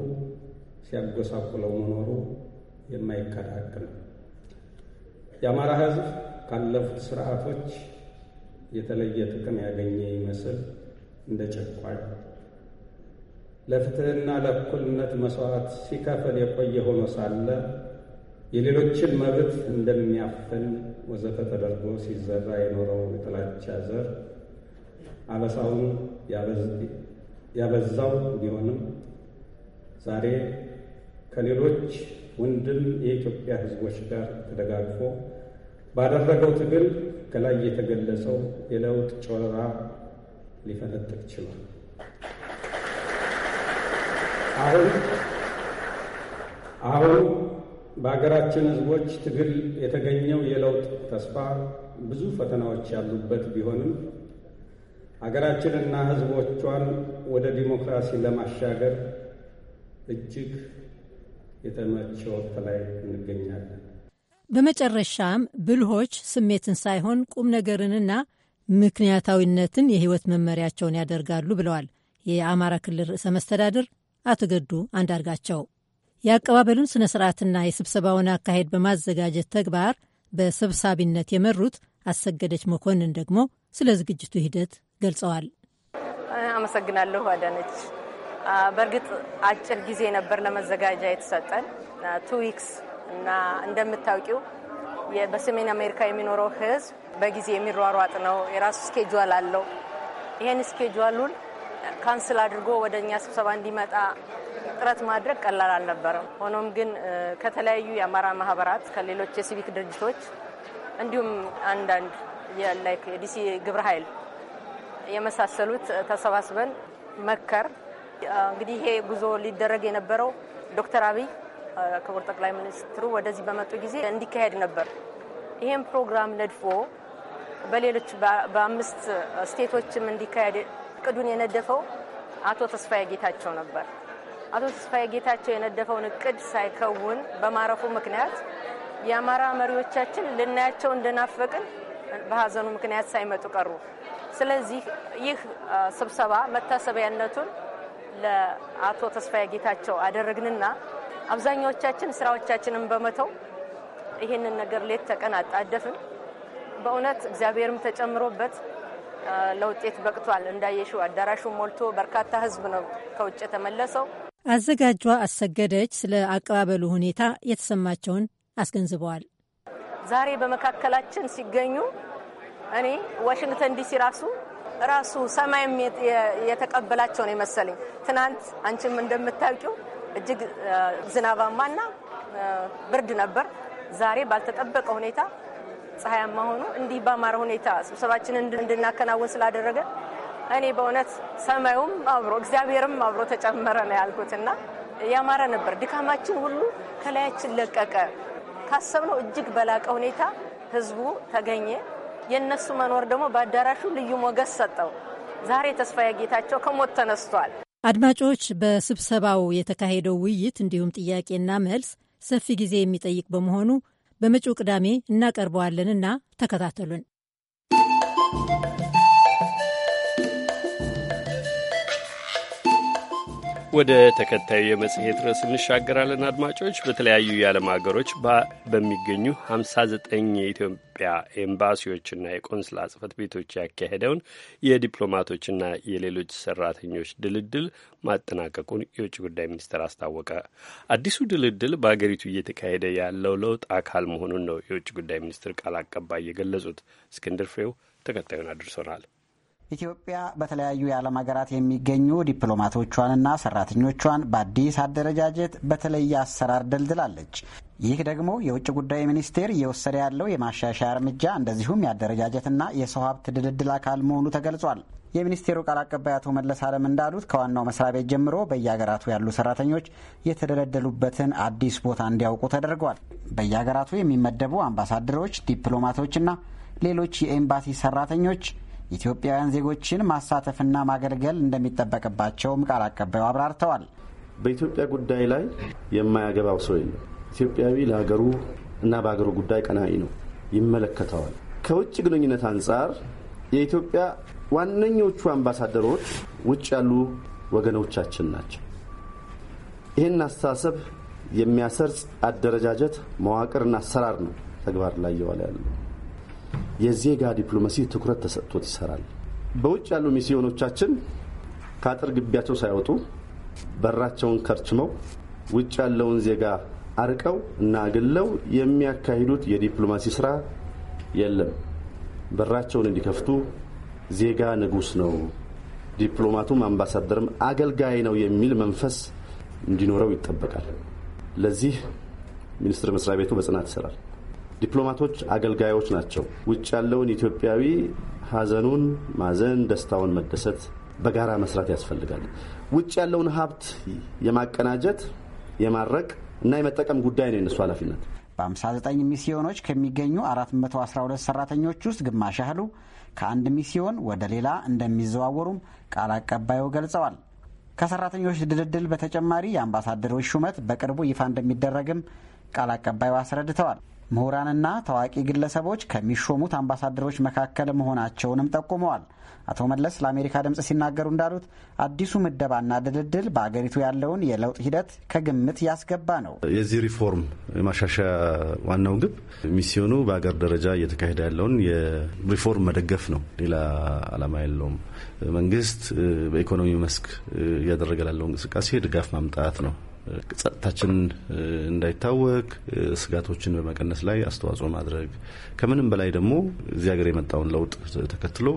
ሲያጎሳቁለው መኖሩ የማይከራቅ ነው። የአማራ ሕዝብ ካለፉት ስርዓቶች የተለየ ጥቅም ያገኘ ይመስል እንደ ጨቋኝ ለፍትህና ለእኩልነት መስዋዕት ሲከፍል የቆየ ሆኖ ሳለ የሌሎችን መብት እንደሚያፈን ወዘተ ተደርጎ ሲዘራ የኖረው የጥላቻ ዘር አበሳውን ያበዛው ቢሆንም ዛሬ ከሌሎች ወንድም የኢትዮጵያ ሕዝቦች ጋር ተደጋግፎ ባደረገው ትግል ከላይ የተገለጸው የለውጥ ጮራ ሊፈነጥቅ ችሏል። አሁን አሁን በአገራችን ህዝቦች ትግል የተገኘው የለውጥ ተስፋ ብዙ ፈተናዎች ያሉበት ቢሆንም አገራችንና ህዝቦቿን ወደ ዲሞክራሲ ለማሻገር እጅግ የተመቸ ወቅት ላይ እንገኛለን። በመጨረሻም ብልሆች ስሜትን ሳይሆን ቁም ነገርንና ምክንያታዊነትን የህይወት መመሪያቸውን ያደርጋሉ ብለዋል የአማራ ክልል ርዕሰ መስተዳድር አቶ ገዱ አንዳርጋቸው። የአቀባበሉን ስነ ስርዓትና የስብሰባውን አካሄድ በማዘጋጀት ተግባር በሰብሳቢነት የመሩት አሰገደች መኮንን ደግሞ ስለ ዝግጅቱ ሂደት ገልጸዋል። አመሰግናለሁ አዳነች። በእርግጥ አጭር ጊዜ ነበር ለመዘጋጃ የተሰጠን ቱ ዊክስ እና እንደምታውቂው በሰሜን አሜሪካ የሚኖረው ሕዝብ በጊዜ የሚሯሯጥ ነው። የራሱ ስኬጁል አለው። ይሄን ስኬጁሉን ካንስል አድርጎ ወደ እኛ ስብሰባ እንዲመጣ ጥረት ማድረግ ቀላል አልነበረም። ሆኖም ግን ከተለያዩ የአማራ ማህበራት፣ ከሌሎች የሲቪክ ድርጅቶች እንዲሁም አንዳንድ የዲሲ ግብረ ኃይል የመሳሰሉት ተሰባስበን መከር እንግዲህ ይሄ ጉዞ ሊደረግ የነበረው ዶክተር አብይ ክቡር ጠቅላይ ሚኒስትሩ ወደዚህ በመጡ ጊዜ እንዲካሄድ ነበር። ይህም ፕሮግራም ነድፎ በሌሎች በአምስት ስቴቶችም እንዲካሄድ እቅዱን የነደፈው አቶ ተስፋዬ ጌታቸው ነበር። አቶ ተስፋዬ ጌታቸው የነደፈውን እቅድ ሳይከውን በማረፉ ምክንያት የአማራ መሪዎቻችን ልናያቸው እንደናፈቅን በሀዘኑ ምክንያት ሳይመጡ ቀሩ። ስለዚህ ይህ ስብሰባ መታሰቢያነቱን ለአቶ ተስፋዬ ጌታቸው አደረግንና አብዛኛዎቻችን ስራዎቻችንን በመተው ይህንን ነገር ሌት ተቀን አጣደፍን። በእውነት እግዚአብሔርም ተጨምሮበት ለውጤት በቅቷል። እንዳየሽው አዳራሹ ሞልቶ በርካታ ህዝብ ነው ከውጭ የተመለሰው። አዘጋጇ አሰገደች ስለ አቀባበሉ ሁኔታ የተሰማቸውን አስገንዝበዋል። ዛሬ በመካከላችን ሲገኙ እኔ ዋሽንግተን ዲሲ ራሱ ራሱ ሰማይም የተቀበላቸው ነው የመሰለኝ። ትናንት አንቺም እንደምታውቂው እጅግ ዝናባማና ብርድ ነበር። ዛሬ ባልተጠበቀ ሁኔታ ፀሐያማ ሆኖ እንዲህ ባማረ ሁኔታ ስብሰባችንን እንድናከናወን ስላደረገ እኔ በእውነት ሰማዩም አብሮ እግዚአብሔርም አብሮ ተጨመረ ነው ያልኩት እና ያማረ ነበር። ድካማችን ሁሉ ከላያችን ለቀቀ። ካሰብነው እጅግ በላቀ ሁኔታ ህዝቡ ተገኘ። የእነሱ መኖር ደግሞ በአዳራሹ ልዩ ሞገስ ሰጠው። ዛሬ ተስፋዬ ጌታቸው ከሞት ተነስቷል። አድማጮች፣ በስብሰባው የተካሄደው ውይይት እንዲሁም ጥያቄና መልስ ሰፊ ጊዜ የሚጠይቅ በመሆኑ በመጪው ቅዳሜ እናቀርበዋለንና ተከታተሉን። ወደ ተከታዩ የመጽሔት ርዕስ እንሻገራለን። አድማጮች በተለያዩ የዓለም ሀገሮች በሚገኙ 59 የኢትዮጵያ ኤምባሲዎችና የቆንስላ ጽፈት ቤቶች ያካሄደውን የዲፕሎማቶችና የሌሎች ሰራተኞች ድልድል ማጠናቀቁን የውጭ ጉዳይ ሚኒስቴር አስታወቀ። አዲሱ ድልድል በአገሪቱ እየተካሄደ ያለው ለውጥ አካል መሆኑን ነው የውጭ ጉዳይ ሚኒስትር ቃል አቀባይ የገለጹት። እስክንድር ፍሬው ተከታዩን አድርሶናል። ኢትዮጵያ በተለያዩ የዓለም ሀገራት የሚገኙ ዲፕሎማቶቿንና ሰራተኞቿን በአዲስ አደረጃጀት በተለየ አሰራር ደልድላለች። ይህ ደግሞ የውጭ ጉዳይ ሚኒስቴር እየወሰደ ያለው የማሻሻያ እርምጃ እንደዚሁም የአደረጃጀትና የሰው ሀብት ድልድል አካል መሆኑ ተገልጿል። የሚኒስቴሩ ቃል አቀባይ አቶ መለስ አለም እንዳሉት ከዋናው መስሪያ ቤት ጀምሮ በየሀገራቱ ያሉ ሰራተኞች የተደለደሉበትን አዲስ ቦታ እንዲያውቁ ተደርጓል። በየሀገራቱ የሚመደቡ አምባሳደሮች፣ ዲፕሎማቶችና ሌሎች የኤምባሲ ሰራተኞች ኢትዮጵያውያን ዜጎችን ማሳተፍና ማገልገል እንደሚጠበቅባቸውም ቃል አቀባዩ አብራርተዋል። በኢትዮጵያ ጉዳይ ላይ የማያገባው ሰው የለም። ኢትዮጵያዊ ለሀገሩ እና በሀገሩ ጉዳይ ቀናኢ ነው፣ ይመለከተዋል። ከውጭ ግንኙነት አንጻር የኢትዮጵያ ዋነኞቹ አምባሳደሮች ውጭ ያሉ ወገኖቻችን ናቸው። ይህን አስተሳሰብ የሚያሰርጽ አደረጃጀት መዋቅርና አሰራር ነው ተግባር ላይ እየዋለ ያለው። የዜጋ ዲፕሎማሲ ትኩረት ተሰጥቶት ይሰራል። በውጭ ያሉ ሚስዮኖቻችን ከአጥር ግቢያቸው ሳይወጡ በራቸውን ከርችመው ውጭ ያለውን ዜጋ አርቀው እና አግለው የሚያካሂዱት የዲፕሎማሲ ስራ የለም። በራቸውን እንዲከፍቱ ዜጋ ንጉስ ነው፣ ዲፕሎማቱም አምባሳደርም አገልጋይ ነው የሚል መንፈስ እንዲኖረው ይጠበቃል። ለዚህ ሚኒስቴር መስሪያ ቤቱ በጽናት ይሰራል። ዲፕሎማቶች አገልጋዮች ናቸው። ውጭ ያለውን ኢትዮጵያዊ ሐዘኑን ማዘን፣ ደስታውን መደሰት በጋራ መስራት ያስፈልጋል። ውጭ ያለውን ሀብት የማቀናጀት የማድረቅ እና የመጠቀም ጉዳይ ነው የነሱ ኃላፊነት። በ59 ሚስዮኖች ከሚገኙ 412 ሰራተኞች ውስጥ ግማሽ ያህሉ ከአንድ ሚስዮን ወደ ሌላ እንደሚዘዋወሩም ቃል አቀባዩ ገልጸዋል። ከሰራተኞች ድልድል በተጨማሪ የአምባሳደሮች ሹመት በቅርቡ ይፋ እንደሚደረግም ቃል አቀባዩ አስረድተዋል። ምሁራንና ታዋቂ ግለሰቦች ከሚሾሙት አምባሳደሮች መካከል መሆናቸውንም ጠቁመዋል። አቶ መለስ ለአሜሪካ ድምፅ ሲናገሩ እንዳሉት አዲሱ ምደባና ድልድል በአገሪቱ ያለውን የለውጥ ሂደት ከግምት ያስገባ ነው። የዚህ ሪፎርም የማሻሻያ ዋናው ግብ ሚስዮኑ በአገር ደረጃ እየተካሄደ ያለውን የሪፎርም መደገፍ ነው። ሌላ አላማ የለውም። መንግስት በኢኮኖሚ መስክ እያደረገ ላለው እንቅስቃሴ ድጋፍ ማምጣት ነው። ጸጥታችን እንዳይታወክ ስጋቶችን በመቀነስ ላይ አስተዋጽኦ ማድረግ ከምንም በላይ ደግሞ እዚህ ሀገር የመጣውን ለውጥ ተከትሎ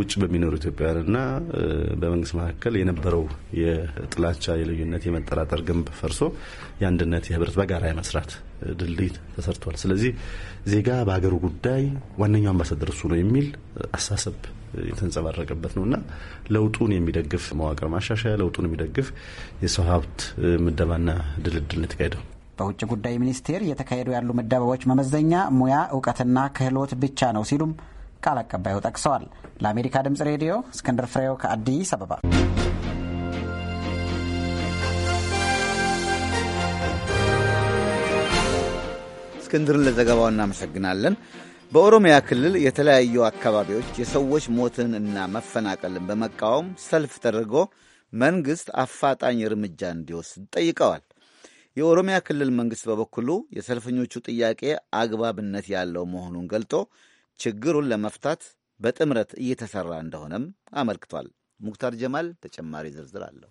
ውጭ በሚኖሩ ኢትዮጵያውያንና በመንግስት መካከል የነበረው የጥላቻ፣ የልዩነት፣ የመጠራጠር ግንብ ፈርሶ የአንድነት፣ የህብረት በጋራ የመስራት ድልድይ ተሰርቷል። ስለዚህ ዜጋ በሀገሩ ጉዳይ ዋነኛው አምባሳደር እሱ ነው የሚል አሳሰብ የተንጸባረቀበት ነው እና ለውጡን የሚደግፍ መዋቅር ማሻሻያ፣ ለውጡን የሚደግፍ የሰው ሀብት ምደባና ድልድል የተካሄደው በውጭ ጉዳይ ሚኒስቴር እየተካሄዱ ያሉ ምደባዎች መመዘኛ ሙያ፣ እውቀትና ክህሎት ብቻ ነው ሲሉም ቃል አቀባዩ ጠቅሰዋል። ለአሜሪካ ድምጽ ሬዲዮ እስክንድር ፍሬው ከአዲስ አበባ። እስክንድርን ለዘገባው እናመሰግናለን። በኦሮሚያ ክልል የተለያዩ አካባቢዎች የሰዎች ሞትን እና መፈናቀልን በመቃወም ሰልፍ ተደርጎ መንግሥት አፋጣኝ እርምጃ እንዲወስድ ጠይቀዋል። የኦሮሚያ ክልል መንግሥት በበኩሉ የሰልፈኞቹ ጥያቄ አግባብነት ያለው መሆኑን ገልጦ ችግሩን ለመፍታት በጥምረት እየተሠራ እንደሆነም አመልክቷል። ሙክታር ጀማል ተጨማሪ ዝርዝር አለው።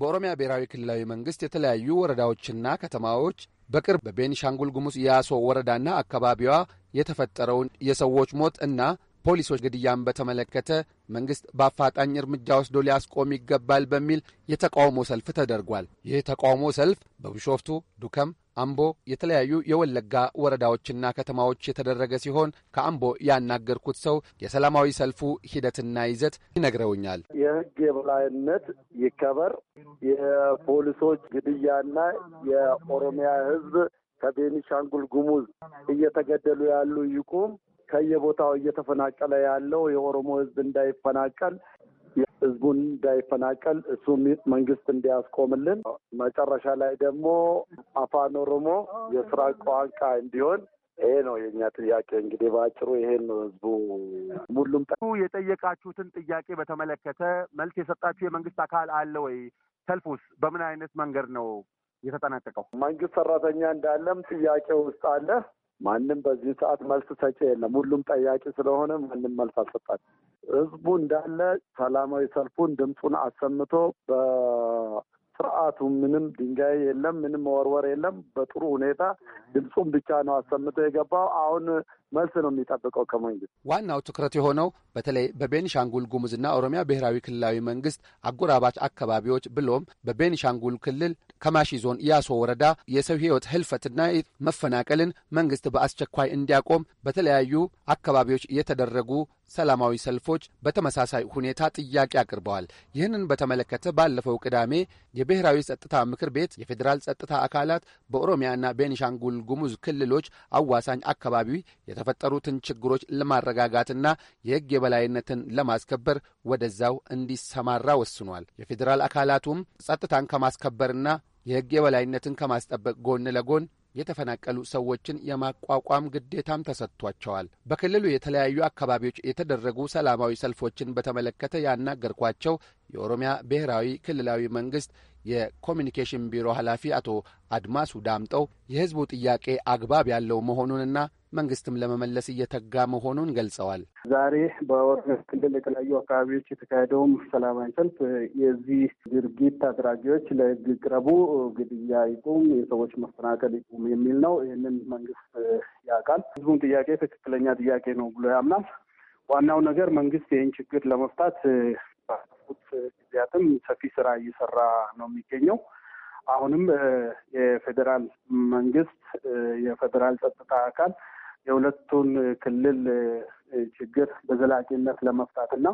በኦሮሚያ ብሔራዊ ክልላዊ መንግሥት የተለያዩ ወረዳዎችና ከተማዎች በቅርብ በቤኒሻንጉል ጉሙዝ የያሶ ወረዳና አካባቢዋ የተፈጠረውን የሰዎች ሞት እና ፖሊሶች ግድያን በተመለከተ መንግስት በአፋጣኝ እርምጃ ወስዶ ሊያስቆም ይገባል በሚል የተቃውሞ ሰልፍ ተደርጓል። ይህ ተቃውሞ ሰልፍ በቢሾፍቱ፣ ዱከም፣ አምቦ፣ የተለያዩ የወለጋ ወረዳዎችና ከተማዎች የተደረገ ሲሆን ከአምቦ ያናገርኩት ሰው የሰላማዊ ሰልፉ ሂደትና ይዘት ይነግረውኛል። የህግ የበላይነት ይከበር፣ የፖሊሶች ግድያና የኦሮሚያ ህዝብ ከቤኒሻንጉል ጉሙዝ እየተገደሉ ያሉ ይቁም፣ ከየቦታው እየተፈናቀለ ያለው የኦሮሞ ህዝብ እንዳይፈናቀል ህዝቡን እንዳይፈናቀል እሱ መንግስት እንዲያስቆምልን፣ መጨረሻ ላይ ደግሞ አፋን ኦሮሞ የስራ ቋንቋ እንዲሆን ይሄ ነው የእኛ ጥያቄ። እንግዲህ በአጭሩ ይሄን ነው ህዝቡ ሁሉም የጠየቃችሁትን ጥያቄ በተመለከተ መልስ የሰጣችሁ የመንግስት አካል አለ ወይ? ሰልፉስ በምን አይነት መንገድ ነው የተጠናቀቀው? መንግስት ሰራተኛ እንዳለም ጥያቄ ውስጥ አለ። ማንም በዚህ ሰዓት መልስ ሰጪ የለም። ሁሉም ጠያቂ ስለሆነ ማንም መልስ አልሰጣል። ህዝቡ እንዳለ ሰላማዊ ሰልፉን ድምፁን አሰምቶ በስርዓቱ ምንም ድንጋይ የለም፣ ምንም መወርወር የለም። በጥሩ ሁኔታ ድምፁን ብቻ ነው አሰምቶ የገባው። አሁን መልስ ነው የሚጠብቀው ከመንግስት። ዋናው ትኩረት የሆነው በተለይ በቤኒሻንጉል ጉሙዝና ኦሮሚያ ብሔራዊ ክልላዊ መንግስት አጎራባች አካባቢዎች ብሎም በቤኒሻንጉል ክልል ከማሺ ዞን ያሶ ወረዳ የሰው ህይወት ህልፈትና መፈናቀልን መንግስት በአስቸኳይ እንዲያቆም በተለያዩ አካባቢዎች የተደረጉ ሰላማዊ ሰልፎች በተመሳሳይ ሁኔታ ጥያቄ አቅርበዋል። ይህንን በተመለከተ ባለፈው ቅዳሜ የብሔራዊ ጸጥታ ምክር ቤት የፌዴራል ጸጥታ አካላት በኦሮሚያና ቤኒሻንጉል ጉሙዝ ክልሎች አዋሳኝ አካባቢ የተፈጠሩትን ችግሮች ለማረጋጋትና የሕግ የበላይነትን ለማስከበር ወደዛው እንዲሰማራ ወስኗል። የፌዴራል አካላቱም ጸጥታን ከማስከበርና የሕግ የበላይነትን ከማስጠበቅ ጎን ለጎን የተፈናቀሉ ሰዎችን የማቋቋም ግዴታም ተሰጥቷቸዋል። በክልሉ የተለያዩ አካባቢዎች የተደረጉ ሰላማዊ ሰልፎችን በተመለከተ ያናገርኳቸው የኦሮሚያ ብሔራዊ ክልላዊ መንግስት የኮሚኒኬሽን ቢሮ ኃላፊ አቶ አድማሱ ዳምጠው የህዝቡ ጥያቄ አግባብ ያለው መሆኑንና መንግስትም ለመመለስ እየተጋ መሆኑን ገልጸዋል። ዛሬ በኦሮሚያ ክልል የተለያዩ አካባቢዎች የተካሄደውም ሰላማዊ ሰልፍ የዚህ ድርጊት አድራጊዎች ለህግ ቅረቡ ግድያ ይቁም፣ የሰዎች መፈናቀል ይቁም የሚል ነው። ይህንን መንግስት ያውቃል። ህዝቡን ጥያቄ ትክክለኛ ጥያቄ ነው ብሎ ያምናል። ዋናው ነገር መንግስት ይህን ችግር ለመፍታት ባለፉት ጊዜያትም ሰፊ ስራ እየሰራ ነው የሚገኘው። አሁንም የፌዴራል መንግስት የፌዴራል ጸጥታ አካል የሁለቱን ክልል ችግር በዘላቂነት ለመፍታትና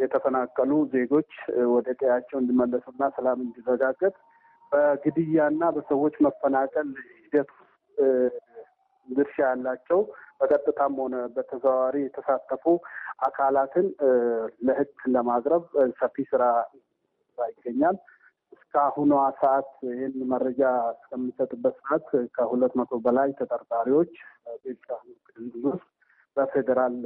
የተፈናቀሉ ዜጎች ወደ ቀያቸው እንዲመለሱና ሰላም እንዲረጋገጥ በግድያና በሰዎች መፈናቀል ሂደት ድርሻ ያላቸው በቀጥታም ሆነ በተዘዋዋሪ የተሳተፉ አካላትን ለህግ ለማቅረብ ሰፊ ስራ ይገኛል። እስካሁኗ ሰዓት ይህን መረጃ እስከሚሰጥበት ሰዓት ከሁለት መቶ በላይ ተጠርጣሪዎች ውስጥ በፌዴራል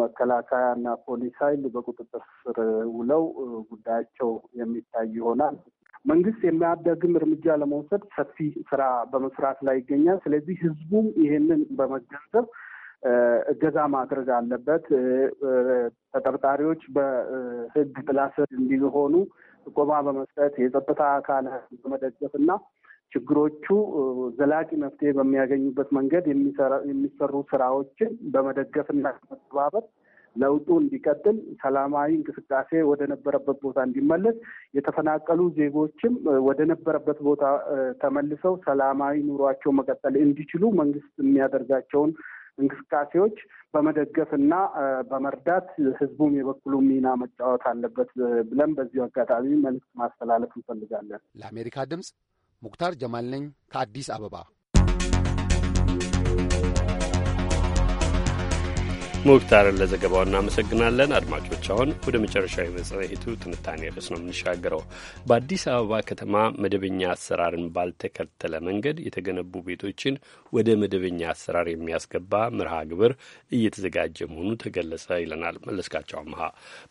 መከላከያ እና ፖሊስ ኃይል በቁጥጥር ስር ውለው ጉዳያቸው የሚታይ ይሆናል። መንግስት የሚያዳግም እርምጃ ለመውሰድ ሰፊ ስራ በመስራት ላይ ይገኛል። ስለዚህ ህዝቡም ይህንን በመገንዘብ እገዛ ማድረግ አለበት። ተጠርጣሪዎች በህግ ጥላ ስር እንዲሆኑ ጥቆማ በመስጠት የጸጥታ አካል በመደገፍ እና ችግሮቹ ዘላቂ መፍትሄ በሚያገኙበት መንገድ የሚሰሩ ስራዎችን በመደገፍና በመተባበር ለውጡ እንዲቀጥል ሰላማዊ እንቅስቃሴ ወደ ነበረበት ቦታ እንዲመለስ የተፈናቀሉ ዜጎችም ወደ ነበረበት ቦታ ተመልሰው ሰላማዊ ኑሯቸው መቀጠል እንዲችሉ መንግስት የሚያደርጋቸውን እንቅስቃሴዎች በመደገፍ እና በመርዳት ህዝቡም የበኩሉ ሚና መጫወት አለበት ብለን በዚሁ አጋጣሚ መልዕክት ማስተላለፍ እንፈልጋለን። ለአሜሪካ ድምፅ ሙክታር ጀማል ነኝ ከአዲስ አበባ። ሙክታርን ለዘገባው እናመሰግናለን። አድማጮች አሁን ወደ መጨረሻዊ መጽሔቱ ትንታኔ ርዕስ ነው የምንሻገረው። በአዲስ አበባ ከተማ መደበኛ አሰራርን ባልተከተለ መንገድ የተገነቡ ቤቶችን ወደ መደበኛ አሰራር የሚያስገባ መርሃ ግብር እየተዘጋጀ መሆኑ ተገለጸ ይለናል መለስካቸው አምሃ።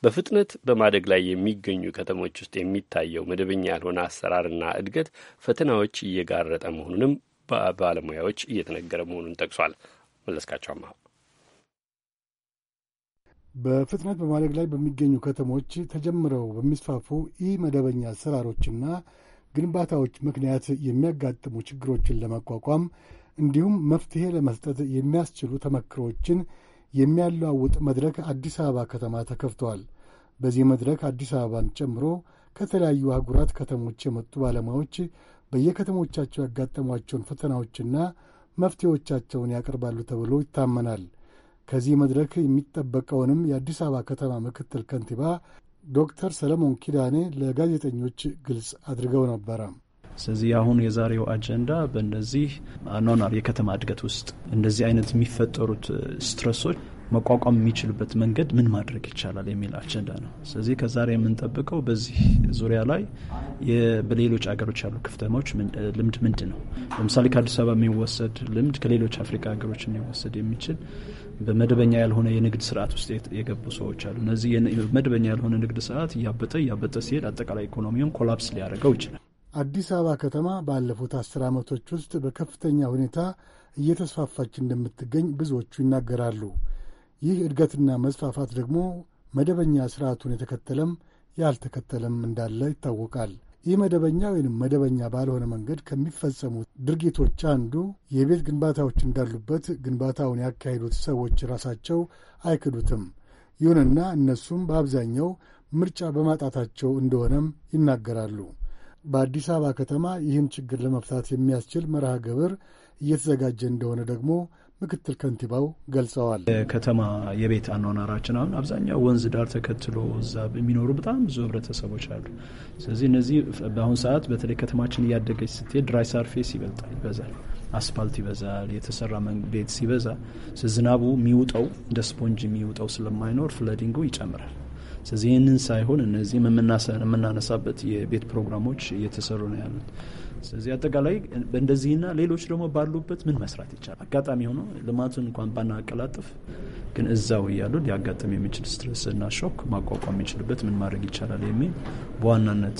በፍጥነት በማደግ ላይ የሚገኙ ከተሞች ውስጥ የሚታየው መደበኛ ያልሆነ አሰራርና እድገት ፈተናዎች እየጋረጠ መሆኑንም ባለሙያዎች እየተነገረ መሆኑን ጠቅሷል መለስካቸው አምሃ በፍጥነት በማደግ ላይ በሚገኙ ከተሞች ተጀምረው በሚስፋፉ ኢ መደበኛ አሰራሮችና ግንባታዎች ምክንያት የሚያጋጥሙ ችግሮችን ለመቋቋም እንዲሁም መፍትሔ ለመስጠት የሚያስችሉ ተመክሮችን የሚያለዋውጥ መድረክ አዲስ አበባ ከተማ ተከፍተዋል። በዚህ መድረክ አዲስ አበባን ጨምሮ ከተለያዩ አህጉራት ከተሞች የመጡ ባለሙያዎች በየከተሞቻቸው ያጋጠሟቸውን ፈተናዎችና መፍትሄዎቻቸውን ያቀርባሉ ተብሎ ይታመናል። ከዚህ መድረክ የሚጠበቀውንም የአዲስ አበባ ከተማ ምክትል ከንቲባ ዶክተር ሰለሞን ኪዳኔ ለጋዜጠኞች ግልጽ አድርገው ነበረ። ስለዚህ አሁን የዛሬው አጀንዳ በእነዚህ አኗኗር የከተማ እድገት ውስጥ እንደዚህ አይነት የሚፈጠሩት ስትረሶች መቋቋም የሚችልበት መንገድ ምን ማድረግ ይቻላል የሚል አጀንዳ ነው። ስለዚህ ከዛሬ የምንጠብቀው በዚህ ዙሪያ ላይ በሌሎች አገሮች ያሉ ክፍተማዎች ልምድ ምንድን ነው? ለምሳሌ ከአዲስ አበባ የሚወሰድ ልምድ ከሌሎች አፍሪካ ሀገሮች የሚወሰድ የሚችል በመደበኛ ያልሆነ የንግድ ስርዓት ውስጥ የገቡ ሰዎች አሉ። እነዚህ መደበኛ ያልሆነ ንግድ ስርዓት እያበጠ እያበጠ ሲሄድ አጠቃላይ ኢኮኖሚውን ኮላፕስ ሊያደርገው ይችላል። አዲስ አበባ ከተማ ባለፉት አስር ዓመቶች ውስጥ በከፍተኛ ሁኔታ እየተስፋፋች እንደምትገኝ ብዙዎቹ ይናገራሉ። ይህ እድገትና መስፋፋት ደግሞ መደበኛ ስርዓቱን የተከተለም ያልተከተለም እንዳለ ይታወቃል። ይህ መደበኛ ወይም መደበኛ ባልሆነ መንገድ ከሚፈጸሙ ድርጊቶች አንዱ የቤት ግንባታዎች እንዳሉበት ግንባታውን ያካሄዱት ሰዎች ራሳቸው አይክዱትም። ይሁንና እነሱም በአብዛኛው ምርጫ በማጣታቸው እንደሆነም ይናገራሉ። በአዲስ አበባ ከተማ ይህን ችግር ለመፍታት የሚያስችል መርሃ ግብር እየተዘጋጀ እንደሆነ ደግሞ ምክትል ከንቲባው ገልጸዋል። ከተማ የቤት አኗኗራችን አሁን አብዛኛው ወንዝ ዳር ተከትሎ እዛ የሚኖሩ በጣም ብዙ ህብረተሰቦች አሉ። ስለዚህ እነዚህ በአሁኑ ሰዓት በተለይ ከተማችን እያደገች ስትሄድ ድራይ ሳርፌስ ይበልጣል፣ ይበዛል፣ አስፋልት ይበዛል፣ የተሰራ ቤት ሲበዛ ዝናቡ የሚውጠው እንደ ስፖንጅ የሚውጠው ስለማይኖር ፍለዲንጉ ይጨምራል። ስለዚህ ይህንን ሳይሆን እነዚህ የምናነሳበት የቤት ፕሮግራሞች እየተሰሩ ነው ያሉት። ስለዚህ አጠቃላይ በእንደዚህና ሌሎች ደግሞ ባሉበት ምን መስራት ይቻላል። አጋጣሚ ሆኖ ልማቱን እንኳን ባናቀላጥፍ፣ ግን እዛው እያሉ ሊያጋጥም የሚችል ስትረስ ሾክ ማቋቋም የሚችልበት ምን ማድረግ ይቻላል የሚል በዋናነት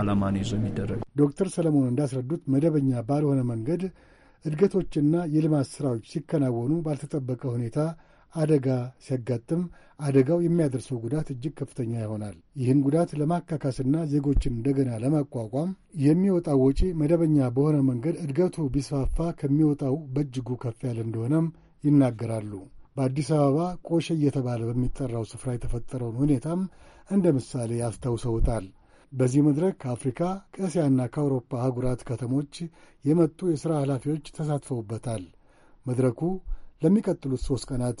አላማን ይዞ የሚደረግ ዶክተር ሰለሞን እንዳስረዱት መደበኛ ባልሆነ መንገድ እድገቶችና የልማት ስራዎች ሲከናወኑ ባልተጠበቀ ሁኔታ አደጋ ሲያጋጥም አደጋው የሚያደርሰው ጉዳት እጅግ ከፍተኛ ይሆናል። ይህን ጉዳት ለማካካስና ዜጎችን እንደገና ለማቋቋም የሚወጣው ወጪ መደበኛ በሆነ መንገድ እድገቱ ቢስፋፋ ከሚወጣው በእጅጉ ከፍ ያለ እንደሆነም ይናገራሉ። በአዲስ አበባ ቆሸ እየተባለ በሚጠራው ስፍራ የተፈጠረውን ሁኔታም እንደ ምሳሌ ያስታውሰውታል። በዚህ መድረክ ከአፍሪካ ከእስያና ከአውሮፓ አህጉራት ከተሞች የመጡ የሥራ ኃላፊዎች ተሳትፈውበታል። መድረኩ ለሚቀጥሉት ሦስት ቀናት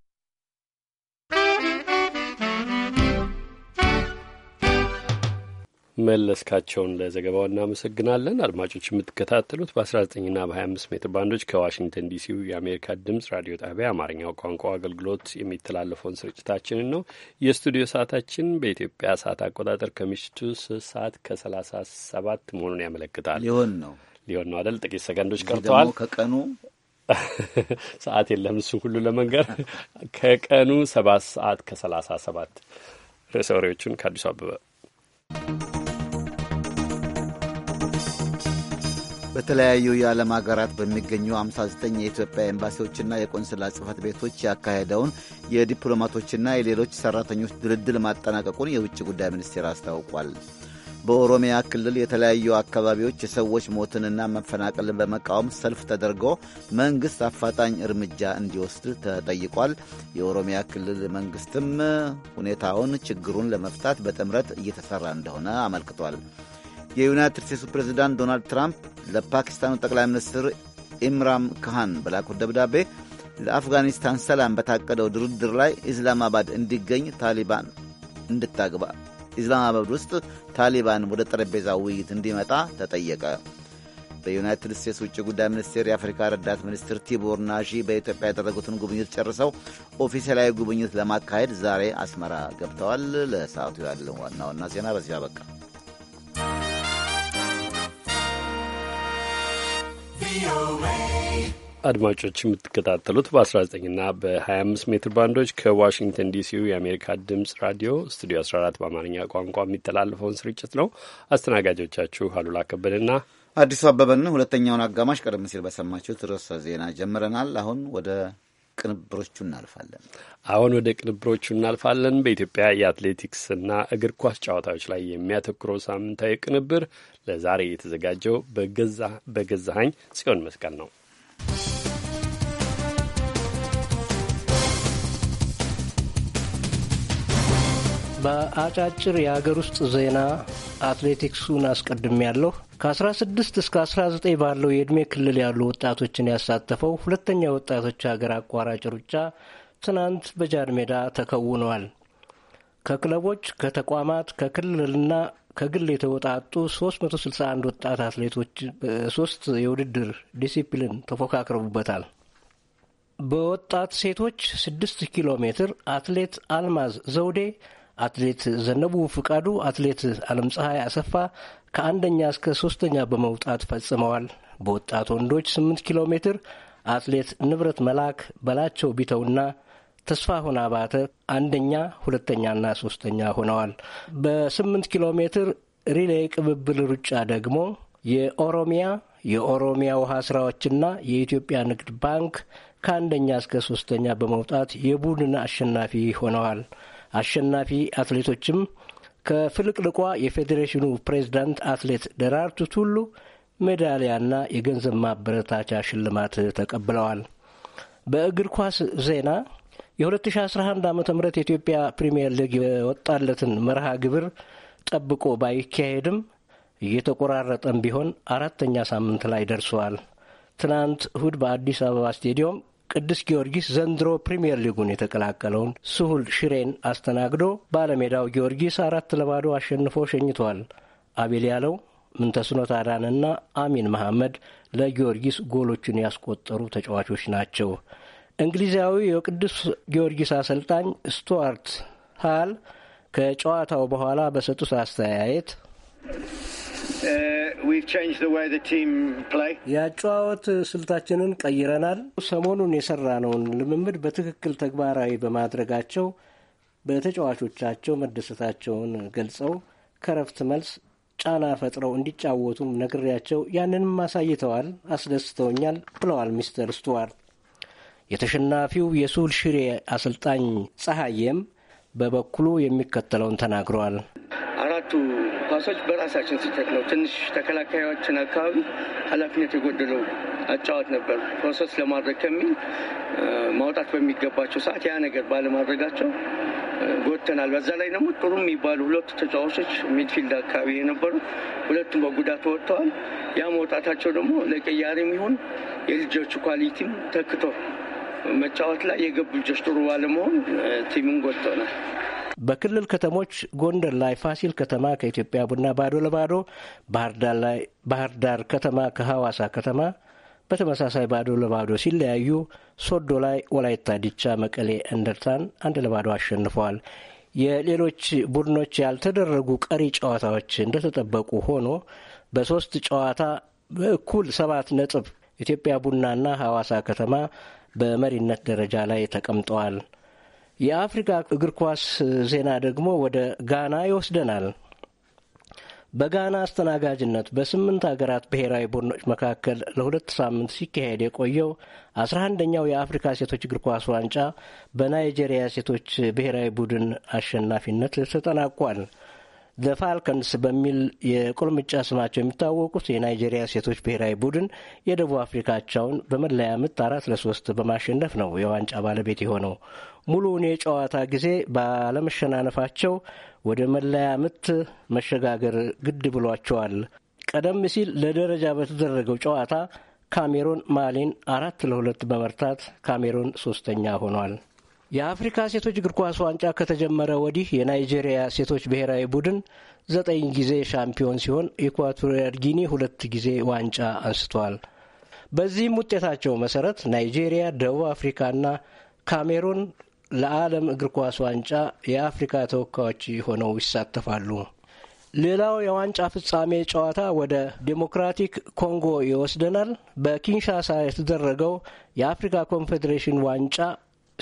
መለስካቸውን ለዘገባው እናመሰግናለን። አድማጮች የምትከታተሉት በ19ና በ25 ሜትር ባንዶች ከዋሽንግተን ዲሲው የአሜሪካ ድምጽ ራዲዮ ጣቢያ አማርኛው ቋንቋ አገልግሎት የሚተላለፈውን ስርጭታችንን ነው። የስቱዲዮ ሰዓታችን በኢትዮጵያ ሰዓት አቆጣጠር ከምሽቱ ስት ሰዓት ከ37 መሆኑን ያመለክታል። ሊሆን ነው ሊሆን ነው አይደል? ጥቂት ሰከንዶች ቀርተዋል። ከቀኑ [laughs] ሰዓት የለም እሱ ሁሉ ለመንገር ከቀኑ ሰባት ሰዓት ከሰላሳ ሰባት ርዕሰ ወሬዎቹን ከአዲሱ አበበ Thank you. በተለያዩ የዓለም ሀገራት በሚገኙ 59 የኢትዮጵያ ኤምባሲዎችና የቆንስላ ጽህፈት ቤቶች ያካሄደውን የዲፕሎማቶችና የሌሎች ሰራተኞች ድልድል ማጠናቀቁን የውጭ ጉዳይ ሚኒስቴር አስታውቋል። በኦሮሚያ ክልል የተለያዩ አካባቢዎች የሰዎች ሞትንና መፈናቀልን በመቃወም ሰልፍ ተደርጎ መንግሥት አፋጣኝ እርምጃ እንዲወስድ ተጠይቋል። የኦሮሚያ ክልል መንግሥትም ሁኔታውን ችግሩን ለመፍታት በጥምረት እየተሠራ እንደሆነ አመልክቷል። የዩናይትድ ስቴትሱ ፕሬዚዳንት ዶናልድ ትራምፕ ለፓኪስታኑ ጠቅላይ ሚኒስትር ኢምራን ካሃን በላኩት ደብዳቤ ለአፍጋኒስታን ሰላም በታቀደው ድርድር ላይ ኢስላማባድ እንዲገኝ ታሊባን እንድታግባ ኢስላማባድ ውስጥ ታሊባን ወደ ጠረጴዛ ውይይት እንዲመጣ ተጠየቀ። በዩናይትድ ስቴትስ ውጭ ጉዳይ ሚኒስቴር የአፍሪካ ረዳት ሚኒስትር ቲቦር ናዢ በኢትዮጵያ ያደረጉትን ጉብኝት ጨርሰው ኦፊሴላዊ ጉብኝት ለማካሄድ ዛሬ አስመራ ገብተዋል። ለሰዓቱ ያለው ዋና ዋና ዜና በዚህ አበቃ። አድማጮች የምትከታተሉት በ19ና በ25 ሜትር ባንዶች ከዋሽንግተን ዲሲው የአሜሪካ ድምፅ ራዲዮ ስቱዲዮ 14 በአማርኛ ቋንቋ የሚተላለፈውን ስርጭት ነው። አስተናጋጆቻችሁ አሉላ ከበደና አዲሱ አበበን። ሁለተኛውን አጋማሽ ቀደም ሲል በሰማችሁት ርዕሰ ዜና ጀምረናል። አሁን ወደ ቅንብሮቹ እናልፋለን። አሁን ወደ ቅንብሮቹ እናልፋለን። በኢትዮጵያ የአትሌቲክስና እግር ኳስ ጨዋታዎች ላይ የሚያተኩረው ሳምንታዊ ቅንብር ለዛሬ የተዘጋጀው በገዛሀኝ ጽዮን መስቀል ነው። በአጫጭር የሀገር ውስጥ ዜና አትሌቲክሱን አስቀድሜ ያለሁ። ከ16 እስከ 19 ባለው የዕድሜ ክልል ያሉ ወጣቶችን ያሳተፈው ሁለተኛ ወጣቶች ሀገር አቋራጭ ሩጫ ትናንት በጃን ሜዳ ተከውኗል። ከክለቦች፣ ከተቋማት፣ ከክልልና ከግል የተወጣጡ 361 ወጣት አትሌቶች በሶስት የውድድር ዲሲፕሊን ተፎካክረቡበታል። በወጣት ሴቶች 6 ኪሎ ሜትር አትሌት አልማዝ ዘውዴ አትሌት ዘነቡ ፍቃዱ፣ አትሌት አለም ፀሐይ አሰፋ ከአንደኛ እስከ ሶስተኛ በመውጣት ፈጽመዋል። በወጣት ወንዶች ስምንት ኪሎ ሜትር አትሌት ንብረት መላክ፣ በላቸው ቢተውና ተስፋ ሆና አባተ አንደኛ፣ ሁለተኛና ሶስተኛ ሆነዋል። በስምንት ኪሎ ሜትር ሪሌ ቅብብል ሩጫ ደግሞ የኦሮሚያ የኦሮሚያ ውሃ ስራዎችና የኢትዮጵያ ንግድ ባንክ ከአንደኛ እስከ ሶስተኛ በመውጣት የቡድን አሸናፊ ሆነዋል። አሸናፊ አትሌቶችም ከፍልቅልቋ የፌዴሬሽኑ ፕሬዝዳንት አትሌት ደራርቱ ቱሉ ሜዳሊያና የገንዘብ ማበረታቻ ሽልማት ተቀብለዋል። በእግር ኳስ ዜና የ2011 ዓ ም የኢትዮጵያ ፕሪምየር ሊግ የወጣለትን መርሃ ግብር ጠብቆ ባይካሄድም እየተቆራረጠም ቢሆን አራተኛ ሳምንት ላይ ደርሰዋል። ትናንት እሁድ በአዲስ አበባ ስቴዲየም ቅዱስ ጊዮርጊስ ዘንድሮ ፕሪምየር ሊጉን የተቀላቀለውን ስሁል ሽሬን አስተናግዶ ባለሜዳው ጊዮርጊስ አራት ለባዶ አሸንፎ ሸኝቷል። አቤል ያለው ምንተስኖት አዳንና አሚን መሐመድ ለጊዮርጊስ ጎሎቹን ያስቆጠሩ ተጫዋቾች ናቸው። እንግሊዛዊ የቅዱስ ጊዮርጊስ አሰልጣኝ ስቱዋርት ሃል ከጨዋታው በኋላ በሰጡት አስተያየት Uh, የአጨዋወት ስልታችንን ቀይረናል። ሰሞኑን የሰራነውን ልምምድ በትክክል ተግባራዊ በማድረጋቸው በተጫዋቾቻቸው መደሰታቸውን ገልጸው ከረፍት መልስ ጫና ፈጥረው እንዲጫወቱም ነግሬያቸው ያንንም አሳይተዋል፣ አስደስተውኛል ብለዋል ሚስተር ስቱዋርት። የተሸናፊው የሱል ሽሬ አሰልጣኝ ጸሐዬም በበኩሉ የሚከተለውን ተናግረዋል። አራቱ ኳሶች በራሳችን ስህተት ነው። ትንሽ ተከላካዮችን አካባቢ ኃላፊነት የጎደለው አጫዋት ነበር። ፕሮሰስ ለማድረግ ከሚል ማውጣት በሚገባቸው ሰዓት ያ ነገር ባለማድረጋቸው ጎድተናል። በዛ ላይ ደግሞ ጥሩ የሚባሉ ሁለቱ ተጫዋቾች ሚድፊልድ አካባቢ የነበሩ ሁለቱም በጉዳት ወጥተዋል። ያ መውጣታቸው ደግሞ ለቀያሪም የሚሆን የልጆቹ ኳሊቲም ተክቶ መጫወት ላይ የገቡ ልጆች ጥሩ ባለመሆን ቲምን ጎድተናል። በክልል ከተሞች ጎንደር ላይ ፋሲል ከተማ ከኢትዮጵያ ቡና ባዶ ለባዶ፣ ባህር ዳር ከተማ ከሐዋሳ ከተማ በተመሳሳይ ባዶ ለባዶ ሲለያዩ፣ ሶዶ ላይ ወላይታ ዲቻ መቀሌ እንደርታን አንድ ለባዶ አሸንፈዋል። የሌሎች ቡድኖች ያልተደረጉ ቀሪ ጨዋታዎች እንደተጠበቁ ሆኖ በሶስት ጨዋታ በእኩል ሰባት ነጥብ ኢትዮጵያ ቡናና ሐዋሳ ከተማ በመሪነት ደረጃ ላይ ተቀምጠዋል። የአፍሪካ እግር ኳስ ዜና ደግሞ ወደ ጋና ይወስደናል። በጋና አስተናጋጅነት በስምንት ሀገራት ብሔራዊ ቡድኖች መካከል ለሁለት ሳምንት ሲካሄድ የቆየው አስራ አንደኛው የአፍሪካ ሴቶች እግር ኳስ ዋንጫ በናይጄሪያ ሴቶች ብሔራዊ ቡድን አሸናፊነት ተጠናቋል። ዘ ፋልከንስ በሚል የቁልምጫ ስማቸው የሚታወቁት የናይጄሪያ ሴቶች ብሔራዊ ቡድን የደቡብ አፍሪካቻውን በመለያ ምት አራት ለሶስት በማሸነፍ ነው የዋንጫ ባለቤት የሆነው። ሙሉውን የጨዋታ ጊዜ ባለመሸናነፋቸው ወደ መለያ ምት መሸጋገር ግድ ብሏቸዋል። ቀደም ሲል ለደረጃ በተደረገው ጨዋታ ካሜሮን ማሊን አራት ለሁለት በመርታት ካሜሮን ሶስተኛ ሆኗል። የአፍሪካ ሴቶች እግር ኳስ ዋንጫ ከተጀመረ ወዲህ የናይጄሪያ ሴቶች ብሔራዊ ቡድን ዘጠኝ ጊዜ ሻምፒዮን ሲሆን ኢኳቶሪያል ጊኒ ሁለት ጊዜ ዋንጫ አንስቷል። በዚህም ውጤታቸው መሰረት ናይጄሪያ፣ ደቡብ አፍሪካና ካሜሩን ለዓለም እግር ኳስ ዋንጫ የአፍሪካ ተወካዮች ሆነው ይሳተፋሉ። ሌላው የዋንጫ ፍጻሜ ጨዋታ ወደ ዴሞክራቲክ ኮንጎ ይወስደናል። በኪንሻሳ የተደረገው የአፍሪካ ኮንፌዴሬሽን ዋንጫ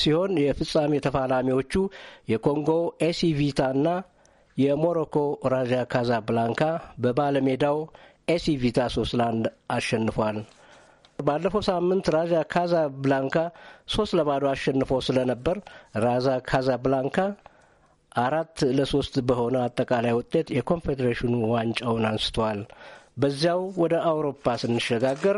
ሲሆን የፍጻሜ ተፋላሚዎቹ የኮንጎ ኤሲ ና የሞሮኮ ራዣ ካዛብላንካ በባለሜዳው ኤሲ ቪታ ሶስት ለአንድ አሸንፏል። ባለፈው ሳምንት ራዣ ካዛ ብላንካ ሶስት ለባዶ አሸንፎ ስለነበር ራዛ ካዛ ብላንካ አራት ለሶስት በሆነ አጠቃላይ ውጤት የኮንፌዴሬሽኑ ዋንጫውን አንስተዋል። በዚያው ወደ አውሮፓ ስንሸጋገር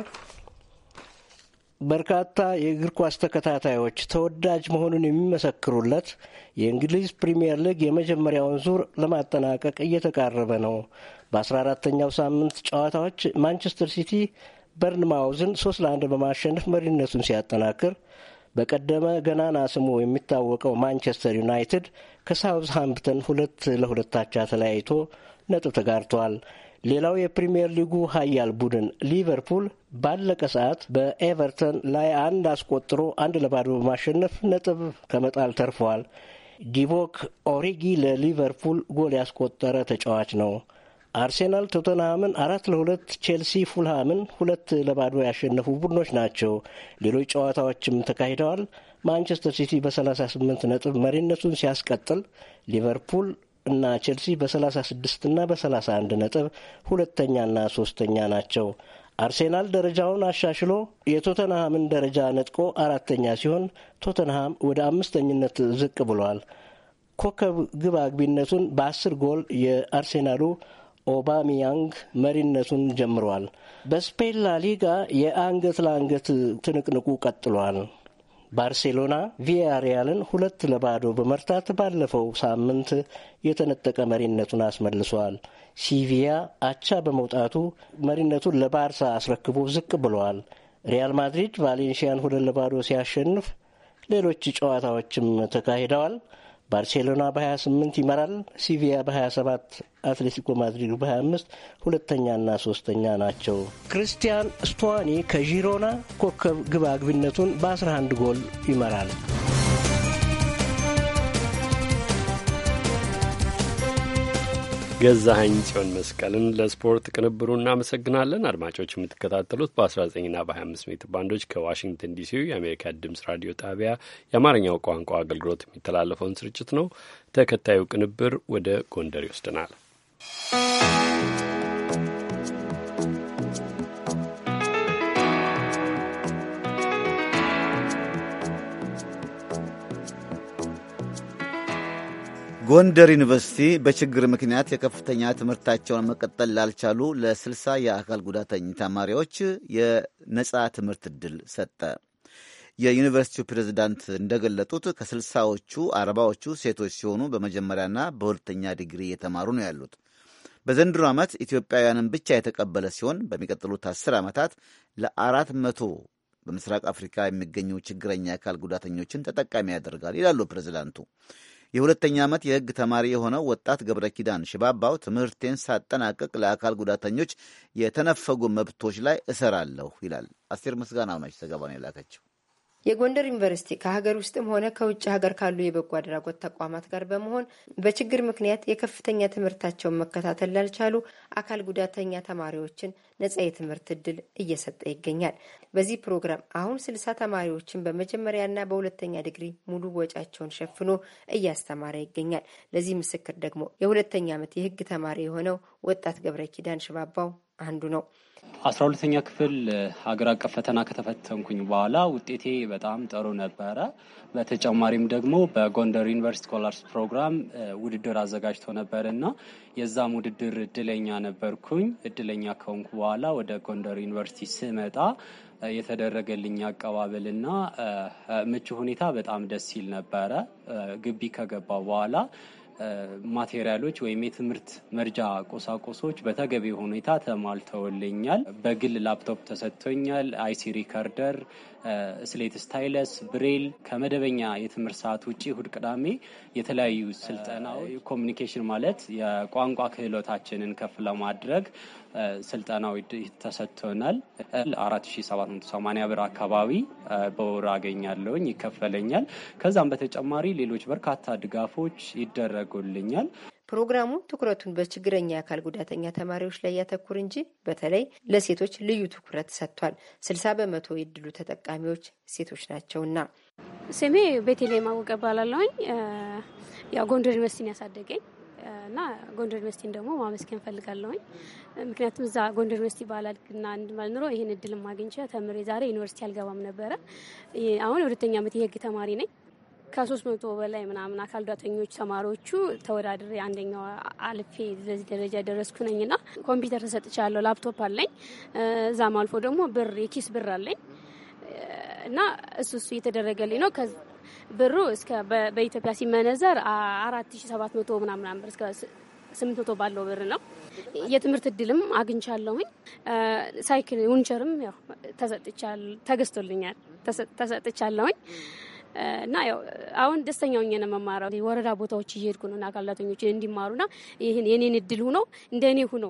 በርካታ የእግር ኳስ ተከታታዮች ተወዳጅ መሆኑን የሚመሰክሩለት የእንግሊዝ ፕሪምየር ሊግ የመጀመሪያውን ዙር ለማጠናቀቅ እየተቃረበ ነው። በአስራ አራተኛው ሳምንት ጨዋታዎች ማንቸስተር ሲቲ በርንማውዝን ሶስት ለአንድ በማሸነፍ መሪነቱን ሲያጠናክር በቀደመ ገናና ስሙ የሚታወቀው ማንቸስተር ዩናይትድ ከሳውዝ ሃምፕተን ሁለት ለሁለት አቻ ተለያይቶ ነጥብ ተጋርተዋል። ሌላው የፕሪምየር ሊጉ ኃያል ቡድን ሊቨርፑል ባለቀ ሰዓት በኤቨርተን ላይ አንድ አስቆጥሮ አንድ ለባዶ በማሸነፍ ነጥብ ከመጣል ተርፏል። ዲቮክ ኦሪጊ ለሊቨርፑል ጎል ያስቆጠረ ተጫዋች ነው። አርሴናል ቶተንሃምን አራት ለሁለት፣ ቼልሲ ፉልሃምን ሁለት ለባዶ ያሸነፉ ቡድኖች ናቸው። ሌሎች ጨዋታዎችም ተካሂደዋል። ማንቸስተር ሲቲ በ38 ነጥብ መሪነቱን ሲያስቀጥል፣ ሊቨርፑል እና ቼልሲ በ36 እና በ31 ነጥብ ሁለተኛና ሶስተኛ ናቸው። አርሴናል ደረጃውን አሻሽሎ የቶተንሃምን ደረጃ ነጥቆ አራተኛ ሲሆን ቶተንሃም ወደ አምስተኝነት ዝቅ ብሏል። ኮከብ ግብ አግቢነቱን በአስር ጎል የአርሴናሉ ኦባሚያንግ መሪነቱን ጀምሯል። በስፔን ላሊጋ የአንገት ለአንገት ትንቅንቁ ቀጥሏል። ባርሴሎና ቪያሪያልን ሁለት ለባዶ በመርታት ባለፈው ሳምንት የተነጠቀ መሪነቱን አስመልሷል። ሲቪያ አቻ በመውጣቱ መሪነቱን ለባርሳ አስረክቦ ዝቅ ብሏል። ሪያል ማድሪድ ቫሌንሺያን ሁለት ለባዶ ሲያሸንፍ ሌሎች ጨዋታዎችም ተካሂደዋል። ባርሴሎና በ28 ይመራል። ሲቪያ በ27፣ አትሌቲኮ ማድሪዱ በ25 ሁለተኛና ሶስተኛ ናቸው። ክርስቲያን ስቱዋኒ ከዢሮና ኮከብ ግባግቢነቱን በ11 ጎል ይመራል። ገዛኸኝ ጽዮን መስቀልን ለስፖርት ቅንብሩ እናመሰግናለን። አድማጮች የምትከታተሉት በ19ና በ25 ሜትር ባንዶች ከዋሽንግተን ዲሲ የአሜሪካ ድምጽ ራዲዮ ጣቢያ የአማርኛው ቋንቋ አገልግሎት የሚተላለፈውን ስርጭት ነው። ተከታዩ ቅንብር ወደ ጎንደር ይወስደናል። ጎንደር ዩኒቨርሲቲ በችግር ምክንያት የከፍተኛ ትምህርታቸውን መቀጠል ላልቻሉ ለስልሳ የአካል ጉዳተኝ ተማሪዎች የነፃ ትምህርት ዕድል ሰጠ። የዩኒቨርሲቲው ፕሬዝዳንት እንደገለጡት ከስልሳዎቹ አርባዎቹ ሴቶች ሲሆኑ በመጀመሪያና በሁለተኛ ዲግሪ እየተማሩ ነው ያሉት። በዘንድሮ ዓመት ኢትዮጵያውያንን ብቻ የተቀበለ ሲሆን በሚቀጥሉት አስር ዓመታት ለአራት መቶ በምስራቅ አፍሪካ የሚገኙ ችግረኛ የአካል ጉዳተኞችን ተጠቃሚ ያደርጋል ይላሉ ፕሬዝዳንቱ። የሁለተኛ ዓመት የሕግ ተማሪ የሆነው ወጣት ገብረ ኪዳን ሽባባው ትምህርቴን ሳጠናቀቅ ለአካል ጉዳተኞች የተነፈጉ መብቶች ላይ እሰራለሁ ይላል። አስቴር ምስጋና ነች ዘገባውን የላከችው። የጎንደር ዩኒቨርሲቲ ከሀገር ውስጥም ሆነ ከውጭ ሀገር ካሉ የበጎ አድራጎት ተቋማት ጋር በመሆን በችግር ምክንያት የከፍተኛ ትምህርታቸውን መከታተል ላልቻሉ አካል ጉዳተኛ ተማሪዎችን ነጻ የትምህርት እድል እየሰጠ ይገኛል። በዚህ ፕሮግራም አሁን ስልሳ ተማሪዎችን በመጀመሪያና በሁለተኛ ዲግሪ ሙሉ ወጫቸውን ሸፍኖ እያስተማረ ይገኛል። ለዚህ ምስክር ደግሞ የሁለተኛ ዓመት የህግ ተማሪ የሆነው ወጣት ገብረ ኪዳን ሽባባው አንዱ ነው። አስራ ሁለተኛ ክፍል ሀገር አቀፍ ፈተና ከተፈተንኩኝ በኋላ ውጤቴ በጣም ጥሩ ነበረ። በተጨማሪም ደግሞ በጎንደር ዩኒቨርሲቲ ስኮላርስ ፕሮግራም ውድድር አዘጋጅቶ ነበር እና የዛም ውድድር እድለኛ ነበርኩኝ። እድለኛ ከሆንኩ በኋላ ወደ ጎንደር ዩኒቨርሲቲ ስመጣ የተደረገልኝ አቀባበልና ምቹ ሁኔታ በጣም ደስ ይል ነበረ። ግቢ ከገባ በኋላ ማቴሪያሎች ወይም የትምህርት መርጃ ቁሳቁሶች በተገቢ ሁኔታ ተሟልተውልኛል። በግል ላፕቶፕ ተሰጥቶኛል። አይሲ ሪከርደር፣ ስሌት፣ ስታይለስ፣ ብሬል ከመደበኛ የትምህርት ሰዓት ውጭ እሁድ፣ ቅዳሜ የተለያዩ ስልጠና ኮሚኒኬሽን ማለት የቋንቋ ክህሎታችንን ከፍ ለማድረግ ስልጠናዎች ተሰጥቶናል። አራት ብር አካባቢ በወር አገኛለውኝ ይከፈለኛል። ከዛም በተጨማሪ ሌሎች በርካታ ድጋፎች ይደረጉልኛል። ፕሮግራሙ ትኩረቱን በችግረኛ የአካል ጉዳተኛ ተማሪዎች ላይ ያተኩር እንጂ በተለይ ለሴቶች ልዩ ትኩረት ሰጥቷል። 60 በመቶ የድሉ ተጠቃሚዎች ሴቶች ናቸውና። ስሜ ቤቴሌ ማወቀ እባላለሁኝ። ያው ጎንደር ዩኒቨርሲቲን ያሳደገኝ እና ጎንደር ዩኒቨርሲቲን ደግሞ ማመስገን እፈልጋለሁኝ። ምክንያቱም እዛ ጎንደር ዩኒቨርሲቲ ባላድግና እንድማል ኑሮ ይህን እድል ማግኝቼ ተምሬ ዛሬ ዩኒቨርሲቲ አልገባም ነበረ። አሁን የሁለተኛ ዓመት የህግ ተማሪ ነኝ። ከሶስት መቶ በላይ ምናምን አካል ጉዳተኞች ተማሪዎቹ ተወዳድሬ አንደኛው አልፌ ለዚህ ደረጃ ደረስኩ ነኝ ነኝና ኮምፒውተር ተሰጥቻለሁ። ላፕቶፕ አለኝ። እዛም አልፎ ደግሞ ብር የኪስ ብር አለኝ እና እሱ እሱ እየተደረገልኝ ነው። ብሩ እስከ በኢትዮጵያ ሲመነዘር አራት ሺ ሰባት መቶ ምናምናም ብር እስከ ስምንት መቶ ባለው ብር ነው። የትምህርት እድልም አግኝቻለሁኝ። ሳይክል ውንቸርም ያው ተሰጥቻል ተገዝቶልኛል ተሰጥቻለሁኝ። እና ያው አሁን ደስተኛው እኛ ነው መማረው ወረዳ ቦታዎች እየሄድኩ ነው እና አካላተኞች እንዲማሩና ይህን የኔን እድል ሁኖ እንደ እኔ ሁኖ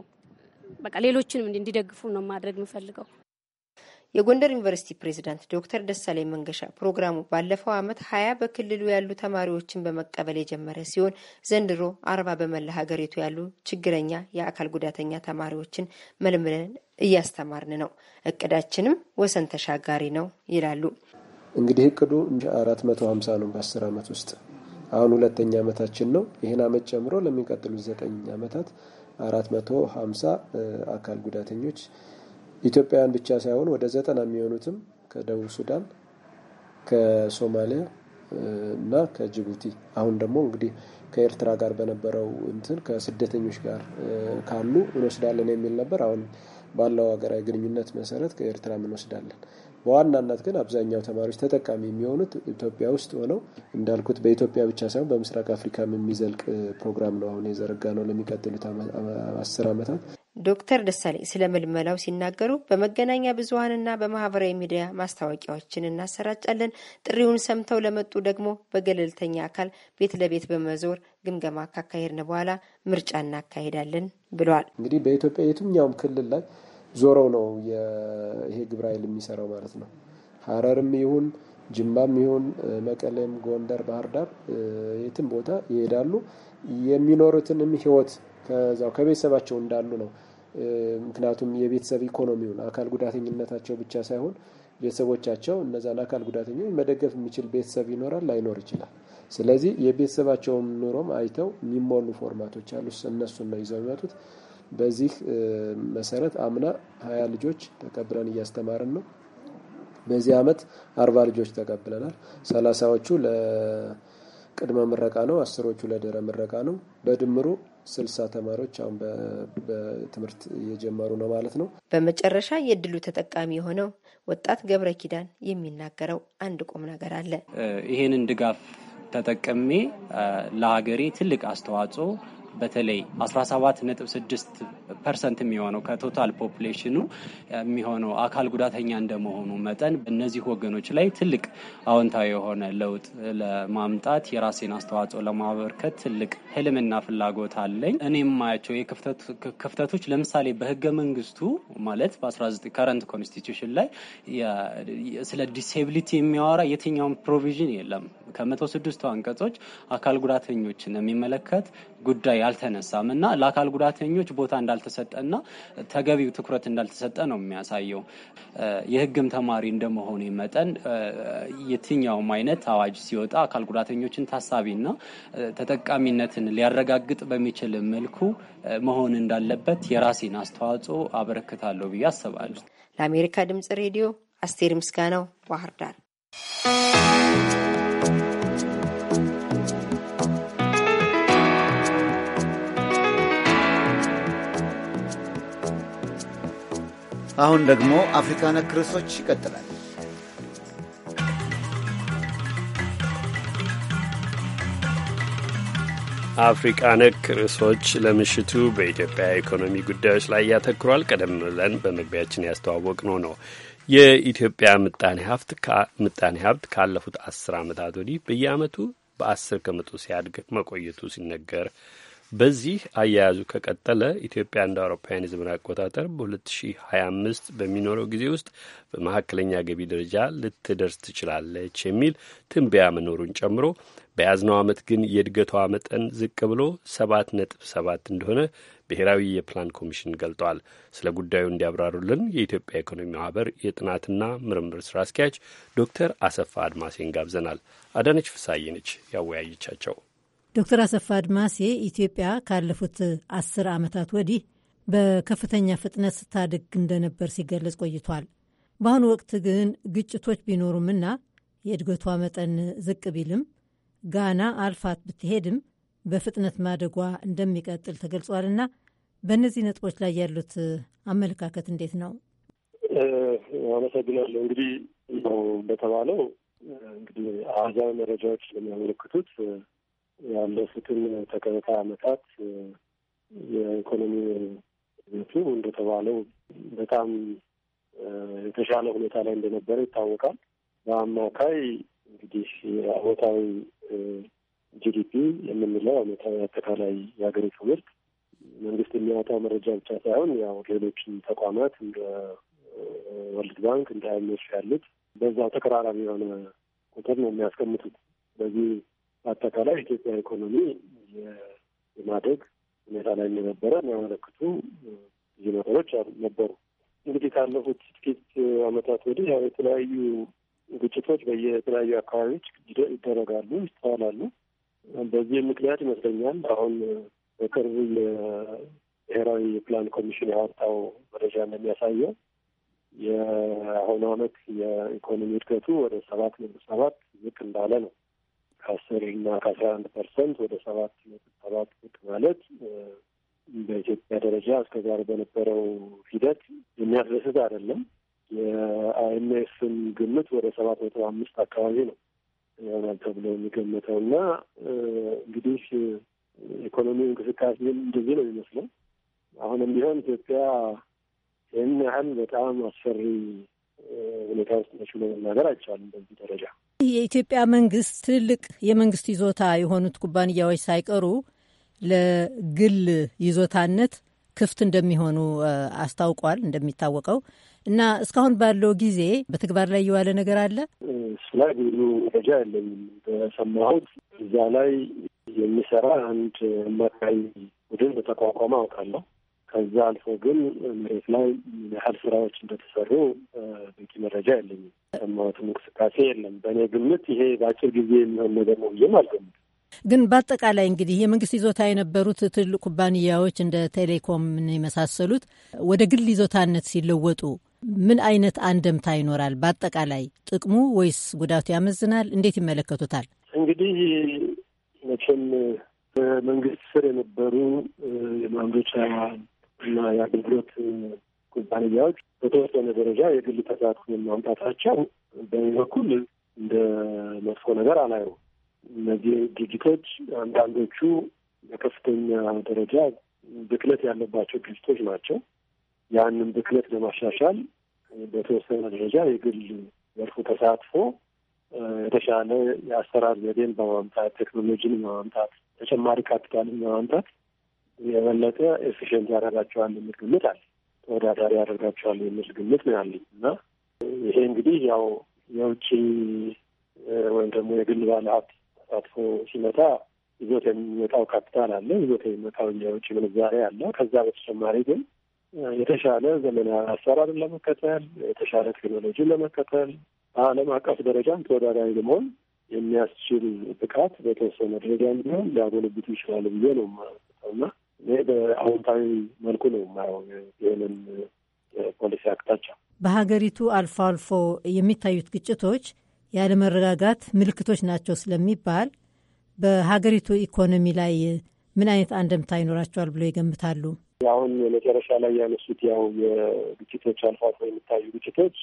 በቃ ሌሎችንም እንዲደግፉ ነው ማድረግ የምፈልገው። የጎንደር ዩኒቨርሲቲ ፕሬዝዳንት ዶክተር ደሳሌ መንገሻ ፕሮግራሙ ባለፈው ዓመት ሀያ በክልሉ ያሉ ተማሪዎችን በመቀበል የጀመረ ሲሆን ዘንድሮ አርባ በመላ ሀገሪቱ ያሉ ችግረኛ የአካል ጉዳተኛ ተማሪዎችን መልምለን እያስተማርን ነው። እቅዳችንም ወሰን ተሻጋሪ ነው ይላሉ። እንግዲህ እቅዱ አራት መቶ ሀምሳ ነው በአስር ዓመት ውስጥ አሁን ሁለተኛ ዓመታችን ነው። ይህን ዓመት ጨምሮ ለሚቀጥሉት ዘጠኝ ዓመታት አራት መቶ ሀምሳ አካል ጉዳተኞች ኢትዮጵያውያን ብቻ ሳይሆን ወደ ዘጠና የሚሆኑትም ከደቡብ ሱዳን፣ ከሶማሊያ እና ከጅቡቲ አሁን ደግሞ እንግዲህ ከኤርትራ ጋር በነበረው እንትን ከስደተኞች ጋር ካሉ እንወስዳለን የሚል ነበር። አሁን ባለው ሀገራዊ ግንኙነት መሰረት ከኤርትራም እንወስዳለን። በዋናነት ግን አብዛኛው ተማሪዎች ተጠቃሚ የሚሆኑት ኢትዮጵያ ውስጥ ሆነው እንዳልኩት በኢትዮጵያ ብቻ ሳይሆን በምስራቅ አፍሪካም የሚዘልቅ ፕሮግራም ነው አሁን የዘረጋ ነው ለሚቀጥሉት አስር ዓመታት ዶክተር ደሳለኝ ስለ ምልመላው ሲናገሩ በመገናኛ ብዙሀንና በማህበራዊ ሚዲያ ማስታወቂያዎችን እናሰራጫለን። ጥሪውን ሰምተው ለመጡ ደግሞ በገለልተኛ አካል ቤት ለቤት በመዞር ግምገማ ካካሄድን በኋላ ምርጫ እናካሄዳለን ብለዋል። እንግዲህ በኢትዮጵያ የትኛውም ክልል ላይ ዞረው ነው ይሄ ግብረ ኃይል የሚሰራው ማለት ነው። ሀረርም ይሁን ጅማም ይሁን መቀሌም፣ ጎንደር፣ ባህር ዳር የትም ቦታ ይሄዳሉ የሚኖሩትንም ህይወት ከዛው ከቤተሰባቸው እንዳሉ ነው። ምክንያቱም የቤተሰብ ኢኮኖሚውን አካል ጉዳተኝነታቸው ብቻ ሳይሆን ቤተሰቦቻቸው እነዛን አካል ጉዳተኞች መደገፍ የሚችል ቤተሰብ ይኖራል፣ ላይኖር ይችላል። ስለዚህ የቤተሰባቸውም ኑሮም አይተው የሚሞሉ ፎርማቶች አሉ። እነሱን ነው ይዘው የሚመጡት። በዚህ መሰረት አምና ሀያ ልጆች ተቀብለን እያስተማርን ነው። በዚህ አመት አርባ ልጆች ተቀብለናል። ሰላሳዎቹ ቅድመ ምረቃ ነው። አስሮቹ ለድህረ ምረቃ ነው። በድምሩ ስልሳ ተማሪዎች አሁን በትምህርት እየጀመሩ ነው ማለት ነው። በመጨረሻ የእድሉ ተጠቃሚ የሆነው ወጣት ገብረ ኪዳን የሚናገረው አንድ ቁም ነገር አለ። ይሄንን ድጋፍ ተጠቅሜ ለሀገሬ ትልቅ አስተዋጽኦ በተለይ 17.6 ፐርሰንት የሚሆነው ከቶታል ፖፕሌሽኑ የሚሆነው አካል ጉዳተኛ እንደመሆኑ መጠን በእነዚህ ወገኖች ላይ ትልቅ አዎንታዊ የሆነ ለውጥ ለማምጣት የራሴን አስተዋጽኦ ለማበርከት ትልቅ ህልምና ፍላጎት አለኝ። እኔ የማያቸው ክፍተቶች ለምሳሌ በህገ መንግስቱ ማለት በ19 ከረንት ኮንስቲቱሽን ላይ ስለ ዲስብሊቲ የሚያወራ የትኛውም ፕሮቪዥን የለም። ከመቶ ስድስቱ አንቀጾች አካል ጉዳተኞችን የሚመለከት ጉዳይ አልተነሳም እና ለአካል ጉዳተኞች ቦታ እንዳልተሰጠና ተገቢው ትኩረት እንዳልተሰጠ ነው የሚያሳየው። የህግም ተማሪ እንደመሆኑ መጠን የትኛውም አይነት አዋጅ ሲወጣ አካል ጉዳተኞችን ታሳቢና ተጠቃሚነትን ሊያረጋግጥ በሚችል መልኩ መሆን እንዳለበት የራሴን አስተዋጽኦ አበረክታለሁ ብዬ አስባለሁ። ለአሜሪካ ድምጽ ሬዲዮ አስቴር ምስጋናው ባህር ዳር አሁን ደግሞ አፍሪካ ነክ ርዕሶች ይቀጥላል። አፍሪቃ ነክ ርዕሶች ለምሽቱ በኢትዮጵያ ኢኮኖሚ ጉዳዮች ላይ ያተኩሯል። ቀደም ብለን በመግቢያችን ያስተዋወቅ ነው ነው የኢትዮጵያ ምጣኔ ሀብት ካለፉት አስር ዓመታት ወዲህ በየአመቱ በአስር ከመቶ ሲያድግ መቆየቱ ሲነገር በዚህ አያያዙ ከቀጠለ ኢትዮጵያ እንደ አውሮፓውያን የዘመን አቆጣጠር በ2025 በሚኖረው ጊዜ ውስጥ በመካከለኛ ገቢ ደረጃ ልትደርስ ትችላለች የሚል ትንበያ መኖሩን ጨምሮ በያዝነው ዓመት ግን የእድገቷ መጠን ዝቅ ብሎ ሰባት ነጥብ ሰባት እንደሆነ ብሔራዊ የፕላን ኮሚሽን ገልጧል። ስለ ጉዳዩ እንዲያብራሩልን የኢትዮጵያ ኢኮኖሚ ማህበር የጥናትና ምርምር ስራ አስኪያጅ ዶክተር አሰፋ አድማሴን ጋብዘናል። አዳነች ፍሳዬ ነች ያወያየቻቸው። ዶክተር አሰፋ አድማሴ ኢትዮጵያ ካለፉት አስር ዓመታት ወዲህ በከፍተኛ ፍጥነት ስታድግ እንደነበር ሲገለጽ ቆይቷል። በአሁኑ ወቅት ግን ግጭቶች ቢኖሩምና የእድገቷ መጠን ዝቅ ቢልም ጋና አልፋት ብትሄድም በፍጥነት ማደጓ እንደሚቀጥል ተገልጿልና በእነዚህ ነጥቦች ላይ ያሉት አመለካከት እንዴት ነው? አመሰግናለሁ። እንግዲህ በተባለው እንግዲህ አሃዛዊ መረጃዎች የሚያመለክቱት ያለፉትን ተከታታይ ዓመታት የኢኮኖሚ ቤቱ እንደተባለው በጣም የተሻለ ሁኔታ ላይ እንደነበረ ይታወቃል። በአማካይ እንግዲህ አመታዊ ጂዲፒ የምንለው አመታዊ አጠቃላይ የሀገሪቱ ምርት መንግስት የሚያወጣው መረጃ ብቻ ሳይሆን ያው ሌሎችን ተቋማት እንደ ወርልድ ባንክ እንደ አይምኤፍ ያሉት በዛው ተቀራራቢ የሆነ ቁጥር ነው የሚያስቀምጡት። በዚህ በአጠቃላይ የኢትዮጵያ ኢኮኖሚ የማደግ ሁኔታ ላይ እንደነበረ የሚያመለክቱ ብዙ ነገሮች ነበሩ። እንግዲህ ካለፉት ጥቂት ዓመታት ወዲህ ያው የተለያዩ ግጭቶች በየተለያዩ አካባቢዎች ይደረጋሉ፣ ይስተዋላሉ። በዚህ ምክንያት ይመስለኛል አሁን በቅርቡ የብሔራዊ የፕላን ኮሚሽን ያወጣው መረጃ እንደሚያሳየው የአሁኑ ዓመት የኢኮኖሚ እድገቱ ወደ ሰባት ነጥብ ሰባት ዝቅ እንዳለ ነው። ከአስር እና ከአስራ አንድ ፐርሰንት ወደ ሰባት ነጥብ ሰባት ቁጥ ማለት በኢትዮጵያ ደረጃ እስከዛሬ በነበረው ሂደት የሚያስደስት አይደለም። የአይኤምኤፍን ግምት ወደ ሰባት ነጥብ አምስት አካባቢ ነው ይሆናል ተብሎ የሚገመተው እና እንግዲህ ኢኮኖሚው እንቅስቃሴ እንደዚህ ነው የሚመስለው። አሁንም ቢሆን ኢትዮጵያ ይህን ያህል በጣም አስፈሪ ሁኔታ ውስጥ ነች ብሎ መናገር አይቻልም በዚህ ደረጃ የኢትዮጵያ መንግስት ትልልቅ የመንግስት ይዞታ የሆኑት ኩባንያዎች ሳይቀሩ ለግል ይዞታነት ክፍት እንደሚሆኑ አስታውቋል። እንደሚታወቀው እና እስካሁን ባለው ጊዜ በተግባር ላይ የዋለ ነገር አለ። እሱ ላይ ብዙ መረጃ የለኝም። በሰማሁት እዛ ላይ የሚሰራ አንድ አማካሪ ቡድን በተቋቋመ አውቃለሁ። ከዛ አልፎ ግን መሬት ላይ ምን ያህል ስራዎች እንደተሰሩ በቂ መረጃ የለኝም። ሰማሁትም እንቅስቃሴ የለም። በእኔ ግምት ይሄ በአጭር ጊዜ የሚሆን ነገር ነው ብዬም አልገምትም። ግን በአጠቃላይ እንግዲህ የመንግስት ይዞታ የነበሩት ትልቅ ኩባንያዎች እንደ ቴሌኮምን የመሳሰሉት ወደ ግል ይዞታነት ሲለወጡ ምን አይነት አንደምታ ይኖራል? በአጠቃላይ ጥቅሙ ወይስ ጉዳቱ ያመዝናል? እንዴት ይመለከቱታል? እንግዲህ መቼም በመንግስት ስር የነበሩ የማምረቻ እና የአገልግሎት ኩባንያዎች በተወሰነ ደረጃ የግል ተሳትፎ ማምጣታቸው በኔ በኩል እንደ መጥፎ ነገር አላየው። እነዚህ ድርጅቶች አንዳንዶቹ በከፍተኛ ደረጃ ብክለት ያለባቸው ድርጅቶች ናቸው። ያንን ብክለት ለማሻሻል በተወሰነ ደረጃ የግል ዘርፉ ተሳትፎ የተሻለ የአሰራር ዘዴን በማምጣት ቴክኖሎጂን በማምጣት ተጨማሪ ካፒታልን በማምጣት የበለጠ ኤፊሽንት ያደርጋቸዋል የሚል ግምት አለ። ተወዳዳሪ ያደርጋቸዋል የሚል ግምት ነው ያለኝ እና ይሄ እንግዲህ ያው የውጭ ወይም ደግሞ የግል ባለሀብት ተሳትፎ ሲመጣ ይዞት የሚመጣው ካፒታል አለ፣ ይዞት የሚመጣው የውጭ ምንዛሬ አለ። ከዛ በተጨማሪ ግን የተሻለ ዘመናዊ አሰራርን ለመከተል የተሻለ ቴክኖሎጂን ለመከተል በዓለም አቀፍ ደረጃም ተወዳዳሪ ለመሆን የሚያስችል ብቃት በተወሰነ ደረጃ እንዲሆን ሊያጎለብቱ ይችላሉ ብዬ ነው ማለት ነው እና ይህ በአዎንታዊ መልኩ ነው የማየው ይህንን ፖሊሲ አቅጣጫ። በሀገሪቱ አልፎ አልፎ የሚታዩት ግጭቶች ያለመረጋጋት ምልክቶች ናቸው ስለሚባል በሀገሪቱ ኢኮኖሚ ላይ ምን አይነት አንደምታ ይኖራቸዋል ብሎ ይገምታሉ? አሁን የመጨረሻ ላይ ያነሱት ያው የግጭቶች አልፎ አልፎ የሚታዩ ግጭቶች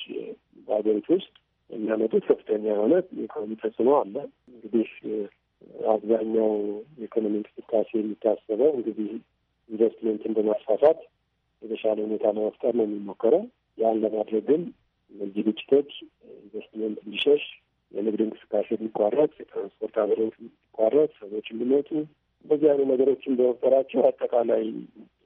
በሀገሪቱ ውስጥ የሚያመጡት ከፍተኛ የሆነ ኢኮኖሚ ተጽዕኖ አለ። እንግዲህ አብዛኛው የኢኮኖሚ እንቅስቃሴ የሚታሰበው እንግዲህ ኢንቨስትመንትን በማስፋፋት የተሻለ ሁኔታ ለመፍጠር ነው የሚሞከረው። ያን ለማድረግ ግን እነዚህ ግጭቶች ኢንቨስትመንት እንዲሸሽ፣ የንግድ እንቅስቃሴ እንዲቋረጥ፣ የትራንስፖርት አገሮች እንዲቋረጥ፣ ሰዎች እንዲመጡ እንደዚህ አይነት ነገሮችን በመፍጠራቸው አጠቃላይ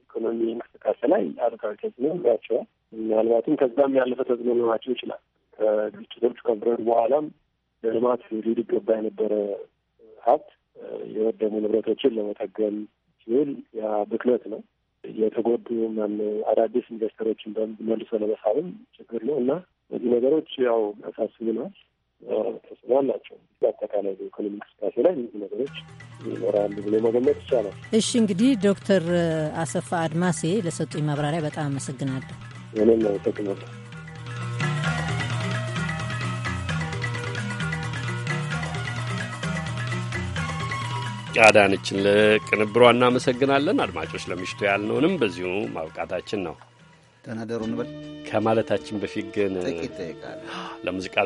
ኢኮኖሚ እንቅስቃሴ ላይ አሉታዊ ተጽዕኖ ይኖራቸዋል። ምናልባትም ከዛም ያለፈ ተጽዕኖ ሊሆናቸው ይችላል። ከግጭቶቹ ከብረድ በኋላም ለልማት ሊድ ይገባ የነበረ ሀብት የወደሙ ንብረቶችን ለመጠገን ሲውል ያ ብክለት ነው። የተጎዱ አዳዲስ ኢንቨስተሮችን መልሶ ለመሳብም ችግር ነው እና እነዚህ ነገሮች ያው ያሳስቡናል፣ ተጽዕኖ አላቸው። በአጠቃላይ በኢኮኖሚ እንቅስቃሴ ላይ እነዚህ ነገሮች ይኖራሉ ብሎ መገመት ይቻላል። እሺ እንግዲህ ዶክተር አሰፋ አድማሴ ለሰጡኝ ማብራሪያ በጣም አመሰግናለሁ። እኔም አመሰግናለሁ። አዳነችን ለቅንብሯ እናመሰግናለን። አድማጮች ለምሽቱ ያልነውንም በዚሁ ማብቃታችን ነው። ተናደሩ እንበል ከማለታችን በፊት ግን ለሙዚቃ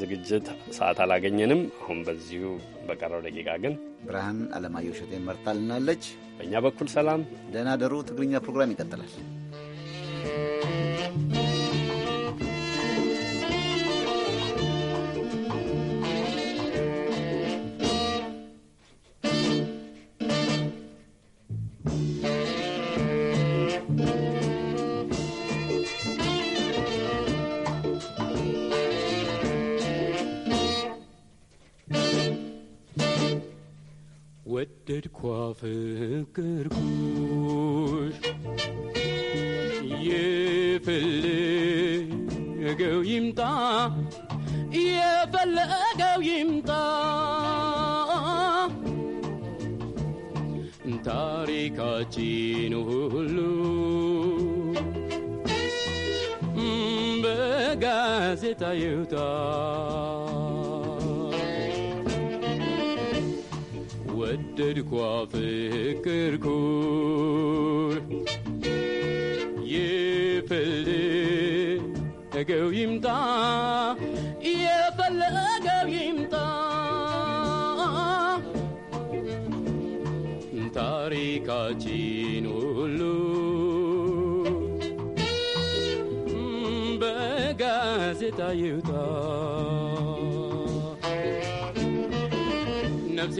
ዝግጅት ሰዓት አላገኘንም። አሁን በዚሁ በቀረው ደቂቃ ግን ብርሃን አለማየሁ እሸቴ መርታልናለች። በእኛ በኩል ሰላም፣ ደህና ደሩ። ትግርኛ ፕሮግራም ይቀጥላል። ያፈቀርኩሽ የፈለገው ይምጣ የፈለገው ይምጣ ታሪካችን ሁሉ በጋዜጣ ይውጣ ወደድኩ አፍቅርኩ የፈለገው ይምጣ የፈለገው ይምጣ ታሪካችን ሁሉ በጋዜጣ ይውጣ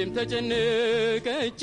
ነፍሴም ተጨነቀች